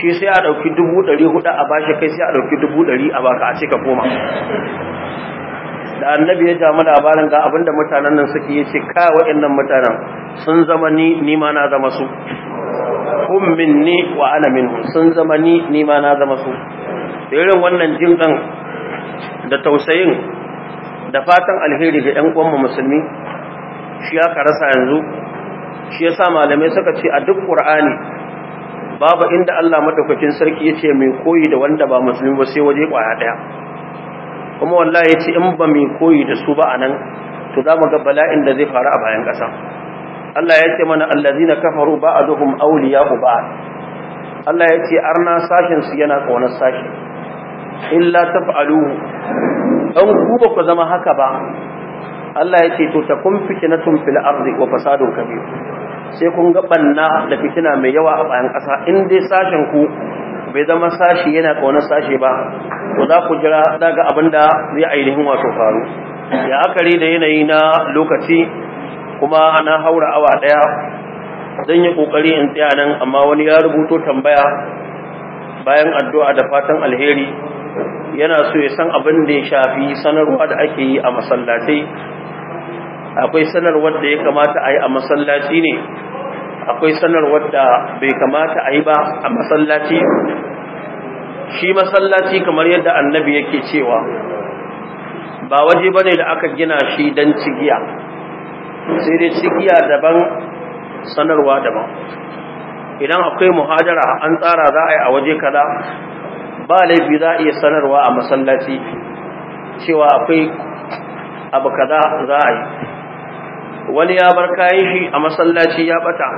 shi sai a ɗauki dubu ɗari hudu a bashi kai sai a ɗauki dubu ɗari a baka a ce ka koma da annabi ya samu labarin ga abinda mutanen nan suke yi ce ka wa'annan mutanen sun zama ni ni ma na zama su hum minni wa ana minhum sun zama ni ni ma na zama su irin wannan jin da tausayin da fatan alheri ga ƴan uwan musulmi shi ya karasa yanzu shi yasa malamai suka ce a duk ƙur'ani, babu inda Allah madaukakin sarki yace mai koyi da wanda ba musulmi ba sai waje kwaya ɗaya. kuma wallahi yace in ba mu koyi da su ba anan to za mu ga bala'in da zai faru a bayan ƙasa Allah ya ce mana allazina kafaru ba'duhum awliya'u ba'd Allah ya ce arna sashin su yana kaunar sashi illa taf'alu dan ku ba ku zama haka ba Allah ya ce to takum fitnatun fil ardi wa fasadun kabir sai kun ga banna da fitina mai yawa a bayan ƙasa in dai sashin ku bai zama sashi yana kaunar sashi ba to za ku jira daga abin da zai ainihin wato faru ya akari da yanayi na lokaci kuma na haura awa daya zan yi kokari in tsaya nan amma wani ya rubuto tambaya bayan addu'a da fatan alheri yana so ya san abin da ya shafi sanarwa da ake yi a masallatai akwai sanarwar da ya kamata a yi a masallaci ne akwai sanarwar da bai kamata a yi ba a masallaci shi masallaci kamar yadda annabi yake cewa ba waje bane da aka gina shi don cigiya sai dai cigiya daban sanarwa daban idan akwai muhadara an tsara za a yi a waje kada ba laifi za a iya sanarwa a masallaci cewa akwai abu kaza za a yi wani ya bar kayan shi a masallaci ya bata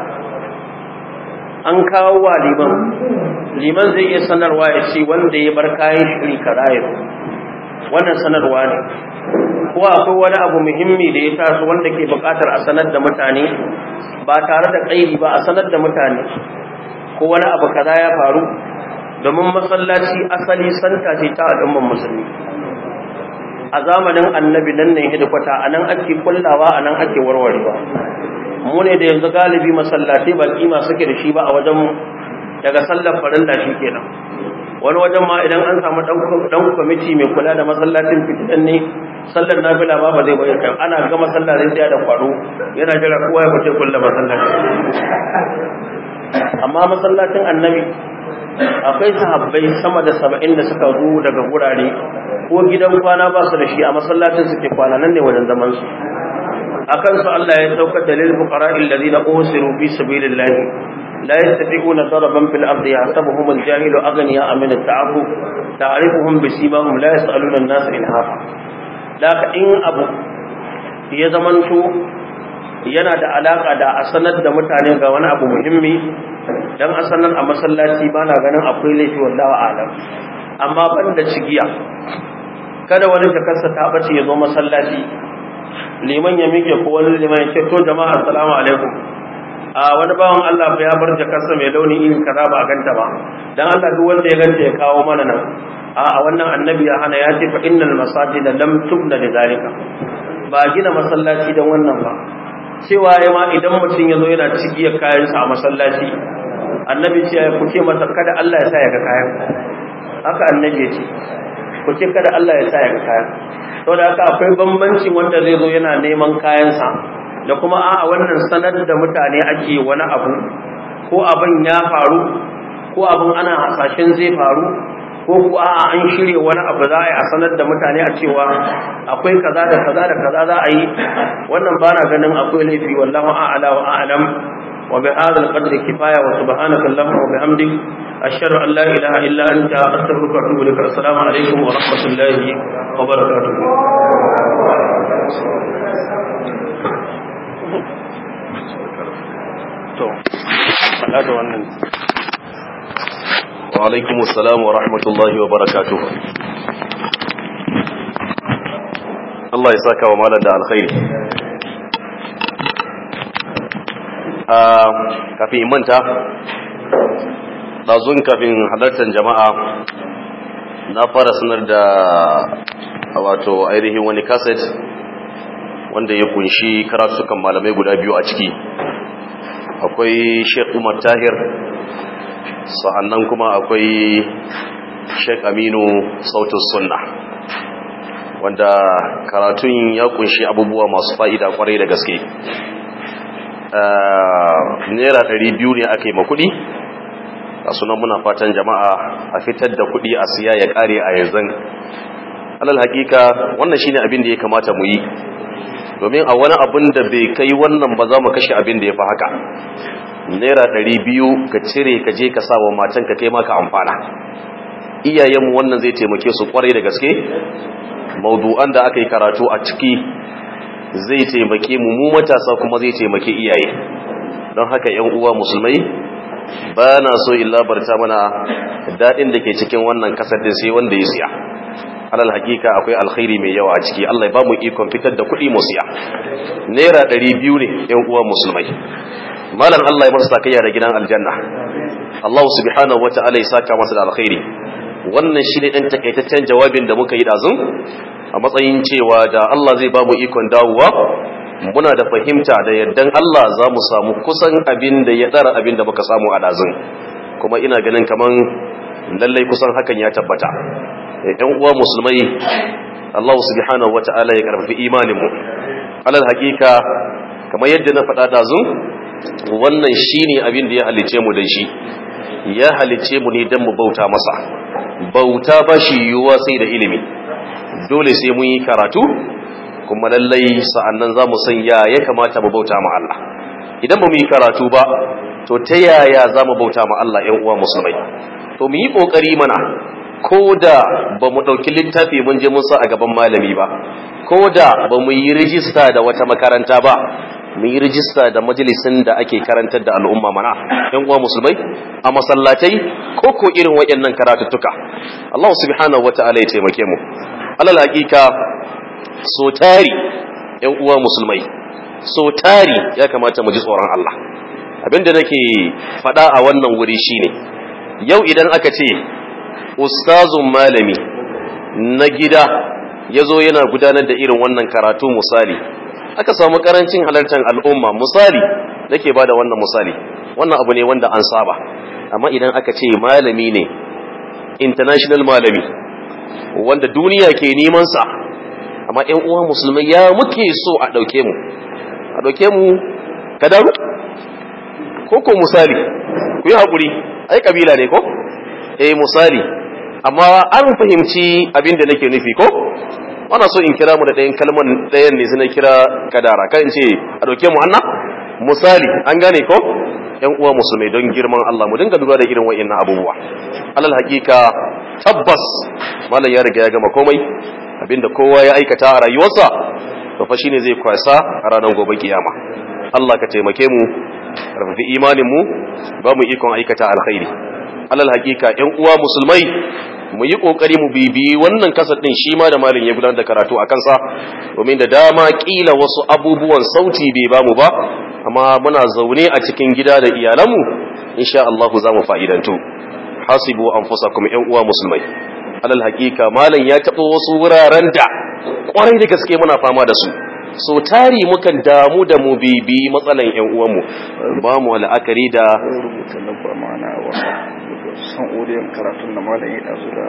an kawo wa liman liman zai iya sanarwa ya ce wanda ya bar kayan shi ne ka rayu wannan sanarwa ne ko akwai wani abu muhimmi da ya taso wanda ke bukatar a sanar da mutane ba tare da ƙairi ba a sanar da mutane ko wani abu kaza ya faru domin masallaci asali santa ce ta al'umman musulmi a zamanin annabi nan ne hidikwata a nan ake kullawa a nan ake warwarewa mu ne da yanzu galibi masallatai ba kima suke da shi ba a wajen daga sallar da shi kenan wani wajen ma idan an samu dan kwamiti mai kula da masallacin fitinan ne sallar nafila ba ba zai bayar kai ana ga masallacin tsaya da kwaro yana jira kowa ya fice kulla masallacin amma masallacin annabi akwai sahabbai sama da saba'in da suka zo daga wurare ko gidan kwana ba su da shi a masallacin suke kwana nan ne wajen zaman su akan su Allah ya saukar da lil fuqara alladhina usiru fi sabilillah la yastati'una daraban fil ardi yahsabuhum al-jahilu aghniya min at-ta'affuf ta'rifuhum bi simahum la yas'aluna an-nas ilhafa Da in abu ya zamanto yana da alaka da a sanar da mutane ga wani abu muhimmi don a sanar a masallaci ba na ganin akwai laifi wallahi alam amma ban da cigiya kada wani takarsa ta bace ya zo masallaci liman ya miƙe ko wani liman ya ce to jama'a assalamu alaikum a wani bawan Allah ya bar jakarsa mai launi irin kaza ba a ganta ba dan Allah duk wanda ya ganta ya kawo mana nan a wannan annabi ya hana ya ce fa innal masajida lam tubna lidhalika ba gina masallaci dan wannan ba cewa yawa idan mutum ya zo yana cigiyar kayansa a masallaci annabi ce ku ce masa kada Allah ya sa ya ga kayan haka annabi ce ku ce kada Allah ya sa ya ga kayan saboda haka akwai bambanci wanda zai zo yana neman kayansa da kuma a'a wannan sanar da mutane ake wani abu ko abin ya faru ko abin ana hasashen zai faru ko kuwa an shirya wani abu za a yi a sanar da mutane a cewa akwai kaza da kaza da kaza za a yi wannan ba na ganin akwai laifi wallahu a'ala wa a'lam wa bi hadhal qadri kifaya wa subhanaka allahumma wa bihamdik ashhadu an la ilaha illa anta astaghfiruka wa atubu ilayka assalamu alaykum wa rahmatullahi wa barakatuh to faɗa da wannan wa alaikum assalam wa rahmatullahi wa Allah ya saka wa malam da alkhairi ah, kafin manta ɗazun kafin halartar jama'a na fara sanar da wato ainihin wani kaset wanda ya kunshi karatukan malamai guda biyu a ciki akwai sheikh umar tahir sa'annan kuma akwai Sheikh Aminu sautu Sunna wanda karatun ya kunshi abubuwa masu fa'ida kwarai da gaske eh, naira ɗari biyu ne aka ma kuɗi. a sunan muna fatan jama'a a fitar da kuɗi a siya ya kare a yanzu alal hakika wannan shine abin da ya kamata mu yi domin a wani abin da bai kai wannan ba za mu kashe abin da ya fi haka naira ɗari biyu ka cire ka je ka sa wa matan ka kai amfana iyayenmu wannan zai taimake su kwarai da gaske maudu'an da aka yi karatu a ciki zai taimake mu mu matasa kuma zai taimake iyaye don haka yan uwa musulmai ba na so in labarta mana daɗin da ke cikin wannan kasar din sai wanda ya siya alal hakika akwai alkhairi mai yawa a ciki Allah ya ba mu ikon fitar da kuɗi mu siya naira ɗari biyu ne yan uwa musulmai malam Allah ya masa sakayya da gidan aljanna Allah subhanahu wata'ala ya saka masa da alkhairi wannan shine dan takaitaccen jawabin da muka yi dazun a matsayin cewa da Allah zai ba mu ikon dawowa muna da fahimta da yaddan Allah za mu samu kusan abin da ya tsara abin da muka samu a dazun kuma ina ganin kaman lallai kusan hakan ya tabbata ɗan eh, uwa musulmai Allah subhanahu wata'ala ya karfafi imanin mu alal hakika kamar yadda na faɗa dazun wannan shi ne abin da ya halice mu da shi ya halice mu ne don mu bauta masa bauta ba shi yiwuwa sai da ilimi dole sai mun yi karatu kuma lallai sa'annan za mu san ya ya kamata mu bauta ma Allah idan ba mu yi karatu ba to ta yaya za mu bauta ma Allah ‘yan uwa musulmai to mu yi ƙoƙari mana ko da ba mu ɗauki littafi mun je mun sa a gaban malami ba ko da ba mu yi rijista da wata makaranta ba mu yi rijista da majalisin da ake karantar da al'umma mana yan uwa musulmai a masallatai ko ko irin waɗannan karatuttuka Allah subhanahu ta'ala ya taimake mu alal hakika so tari yan uwa musulmai so tari ya kamata mu ji tsoron Allah abinda nake faɗa a wannan wuri shine yau idan aka ce ustazun malami na gida ya zo yana gudanar da irin wannan karatu misali aka samu karancin halartar al'umma misali nake bada wannan misali wannan abu ne wanda an saba amma idan aka ce malami ne international malami wanda duniya ke neman sa amma ɗan uwa musulmai ya muke so a dauke mu a dauke mu kadaru ko ko misali ku yi hakuri ai kabila ne ko eh misali amma an fahimci abin da nake nufi ko ana so in kira mu da ɗayan kalman ɗayan ne suna kira kadara kan ce a ɗauke mu anna misali an gane ko Ƴan uwa musulmai don girman Allah mu dinga duba da irin wa'annan abubuwa alal hakika tabbas malam ya riga ya gama komai abinda kowa ya aikata a rayuwarsa to fa shine zai kwasa a ranar gobe kiyama Allah ka taimake mu rafafi imanin mu ba mu ikon aikata alkhairi alal hakika yan uwa musulmai mu yi kokari mu bibi wannan kasa din shi ma da malin ya gudanar da karatu a kansa domin da dama kila wasu abubuwan sauti bai ba mu ba amma muna zaune a cikin gida da iyalanmu insha Allah za mu fa'idantu hasibu anfusakum yan uwa musulmai alal haqiqa malam ya taɓa wasu wuraren da kwarai da gaske muna fama da su so tari mukan damu da mu bibi matsalan yan uwanmu ba mu la'akari da kan odiyon karatun da malayi ya su da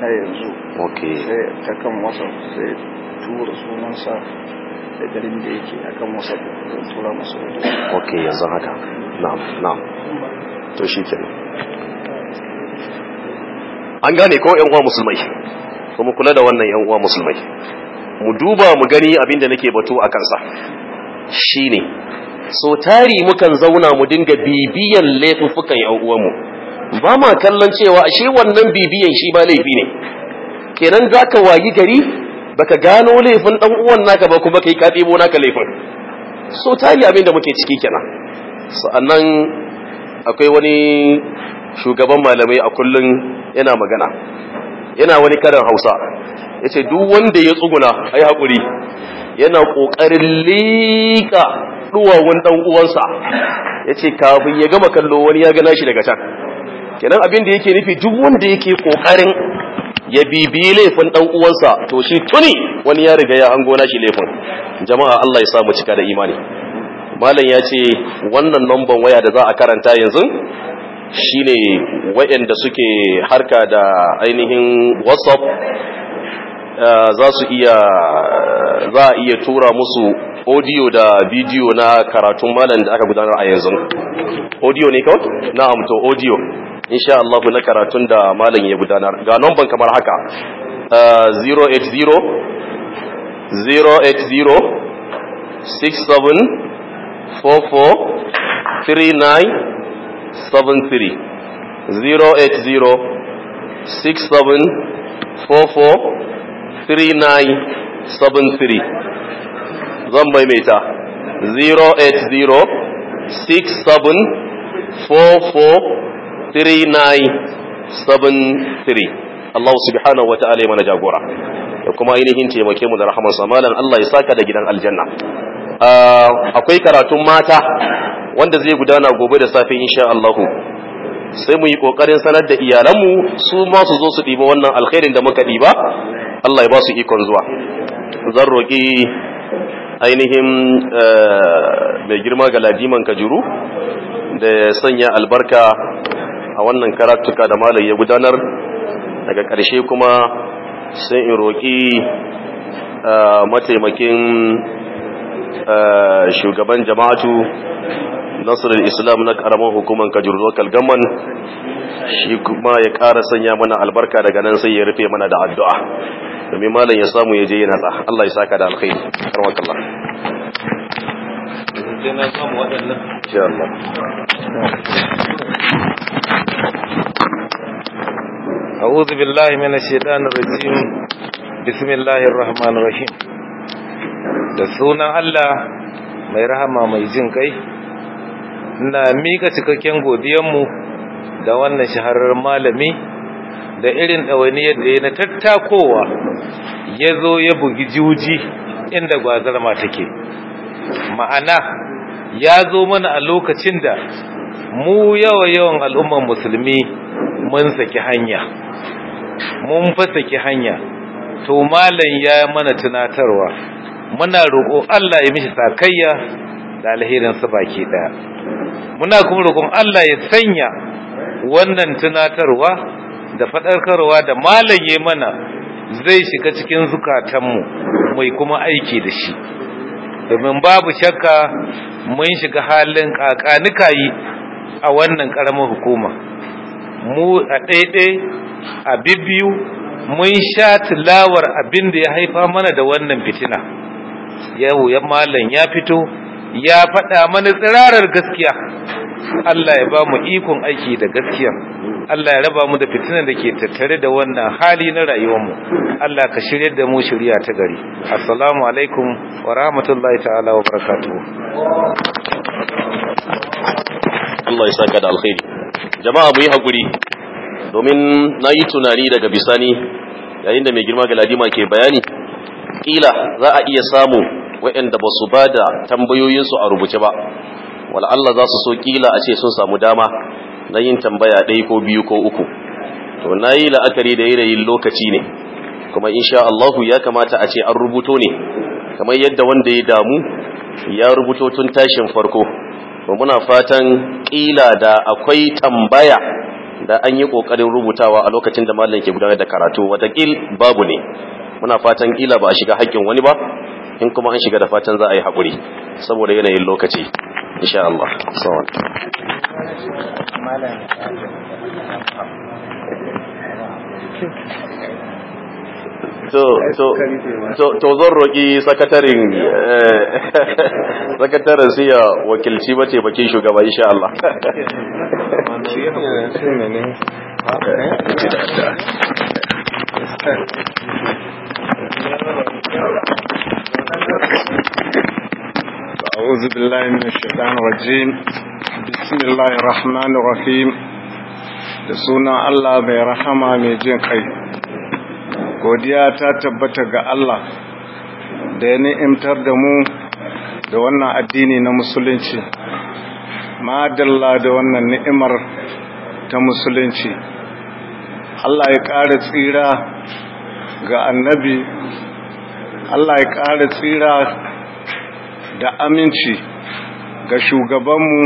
na yanzu sai ta kan wasa sai tura sunansa da garin da yake a kan wasa zan tura masu wajen ok yanzu haka na'am na'am to shi kenan an gane ko yan uwa musulmai kuma kula da wannan yan uwa musulmai mu duba mu gani abinda nake batu a kansa shine so tari mukan zauna mu dinga bibiyan laifuffukan yan uwanmu ba ma kallon cewa ashe wannan bibiyan shi ba laifi ne kenan za ka wayi gari baka gano laifin dan uwan naka ba kuma kai ka bo naka laifin so tali abin da muke ciki kenan sa'annan akwai wani shugaban malamai a kullun yana magana yana wani karin Hausa yace duk wanda ya tsuguna ai haƙuri, yana ƙoƙarin lika ɗuwawun ɗan'uwansa, uwansa yace kafin ya gama kallo wani ya gana shi daga can kenan abin da yake nufi duk wanda yake kokarin ya bibiyi laifin dan uwansa to shi tuni wani ya riga ya hango na shi laifin jama'a Allah ya sa mu cika da imani malam ya ce wannan number waya da za a karanta yanzu shine wayanda suke harka da ainihin WhatsApp eh, za su iya za a iya tura musu audio da video na karatun malam da aka gudanar a yanzu audio ne kawai Na amto audio insha Allah na karatun da malam ya gudanar ga numban kamar haka 080 080 44 39 73 080 44 39 73 zan maimaita 080 67 3973 Allah subhanahu wa mana jagora da kuma ainihin taimake mu da rahaman samalan Allah ya saka da gidan aljanna ah, akwai karatun mata wanda zai gudana gobe da safe insha Allahu sai mu yi kokarin sanar da iyalan mu su ma su zo su ɗiba wannan alkhairin da muka ɗiba Allah ya ba su ikon zuwa zan roƙi ainihin eh, mai girma ga ladiman kajuru da sanya albarka a wannan karatuka da malam ya gudanar daga ƙarshe kuma sai in roƙi mataimakin shugaban jama'atu nasarar islam na ƙaramin hukumar kajir local gaman shi kuma ya ƙara sanya mana albarka daga nan sai ya rufe mana da addu'a domin malam ya samu ya je yana natsa Allah ya saka da alkhairi karmakallah sai na أعوذ بالله من الشيطان الرجيم بسم الله الرحمن da sunan Allah mai rahama mai jin kai na miƙa cikakken godiyanmu da wannan shaharar malami da irin ɗawainiyar da ya na tattakowa ya zo ya bugi juji inda gwazarma take ma'ana ya zo mana a lokacin da mu yawa yawan al'ummar musulmi mun saki hanya mun fa saki hanya to malam ya mana tunatarwa muna roƙo Allah ya mishi sakayya da alherin sa baki daya muna kuma roƙon Allah ya sanya wannan tunatarwa da fadarkarwa da malam ya mana zai shiga cikin zukatanmu mai kuma aiki da shi domin babu shakka mun shiga halin yi a wannan ƙaramin hukuma mu a ɗaiɗai a bibbiyu mun sha tilawar abin da ya haifa mana da wannan fitina yau ya malam ya fito ya faɗa mana tsirarar gaskiya Allah ya ba mu ikon aiki da gaskiya Allah ya raba mu da fitinan da ke tattare da wannan hali na rayuwarmu Allah ka shirye da mu shirya ta gari assalamu alaikum wa rahmatullahi ta'ala wa barakatuhu Allah ya saka da alkhairi jama'a mu yi hakuri domin na yi tunani daga bisani yayin da mai girma galadima ke bayani Ƙila za a iya samu waɗanda ba su ba da tambayoyinsu a rubuce ba wala Allah za su so kila a ce sun samu dama na yin tambaya ɗaya ko biyu ko uku to na yi la'akari da yanayin lokaci ne kuma insha Allahu ya kamata a ce an rubuto ne kamar yadda wanda ya damu ya rubuto tun tashin farko to muna fatan kila da akwai tambaya da an yi kokarin rubutawa a lokacin da malam ke gudanar da karatu kil babu ne muna fatan kila ba a shiga haƙƙin wani ba in kuma an shiga da fatan za a yi haƙuri saboda yanayin lokaci insha Allah to zan roƙi sakatarin sakatarin siya ya wakilci bace bakin shugaba insha Allah أعوذ بالله من الشيطان الرجيم بسم الله الرحمن الرحيم da الله Allah mai rahama godiya ta tabbata ga Allah da ya ni'imtar da mu da wannan addini na musulunci madalla da wannan ni'imar ta musulunci Allah ya ƙara tsira ga annabi Allah ya ƙara tsira da aminci ga shugabanmu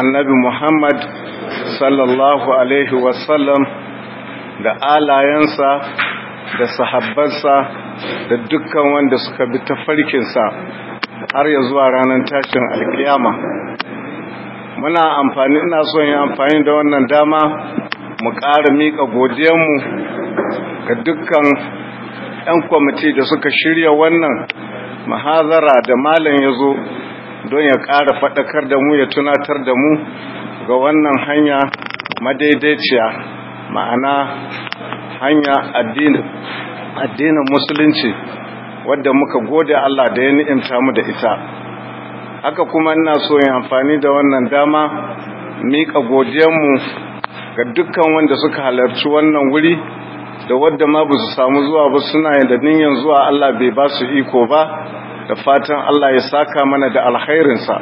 annabi Muhammad sallallahu alaihi wasallam da alayensa da sahabbansa da dukkan wanda suka bi ta farkinsa har ya zuwa ranar tashin alkiyama muna amfani ina son yi amfani da wannan dama mu ƙara miƙa godiyanmu ga dukkan 'yan kwamiti da suka shirya wannan mahazara da malam ya zo don ya ƙara faɗakar da mu ya tunatar da mu ga wannan hanya madaidaiciya ma'ana hanya addinin musulunci wadda muka gode Allah da ya ni'imta mu da ita haka kuma ina so yin amfani da wannan dama miƙa godiyanmu ga dukkan wanda suka halarci wannan wuri da wadda ma ba su samu zuwa ba suna da niyyar zuwa Allah bai ba su iko ba da fatan Allah ya saka mana da alkhairinsa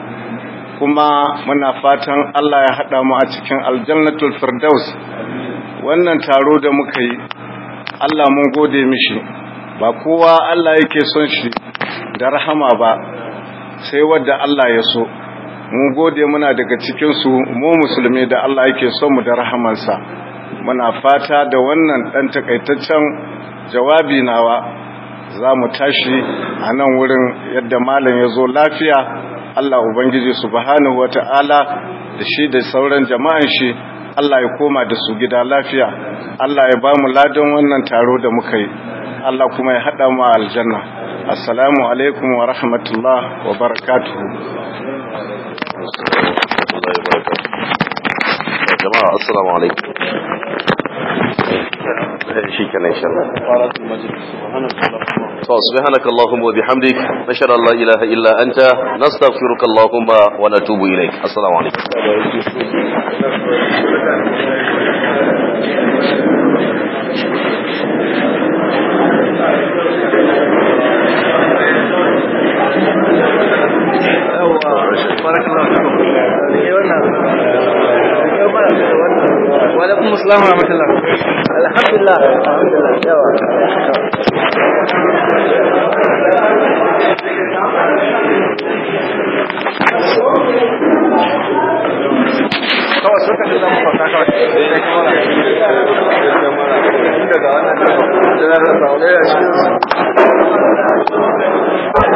kuma muna fatan Allah ya haɗa mu a cikin aljannatul firdaus wannan taro da muka yi Allah mun gode mishi ba kowa Allah yake son shi da rahama ba sai wadda Allah ya so mun gode muna daga cikin su mu musulmi da Allah yake son mu da rahamansa muna fata da wannan dan takaitaccen jawabi nawa za mu tashi a nan wurin yadda malam ya zo lafiya Allah Ubangiji subhanahu wata'ala da shi da sauran jama'an shi Allah ya koma da su gida lafiya Allah ya ba mu ladan wannan taro da muka yi Allah kuma ya haɗa mu aljanna assalamu alaikum wa rahmatullah wa barakatuhu سبحانك اللهم طيب، وبحمدك نشهد ان لا إله إلا أنت نستغفرك اللهم ونتوب إليك السلام عليكم وعليكم السلام ورحمة الله الحمد لله الحمد لله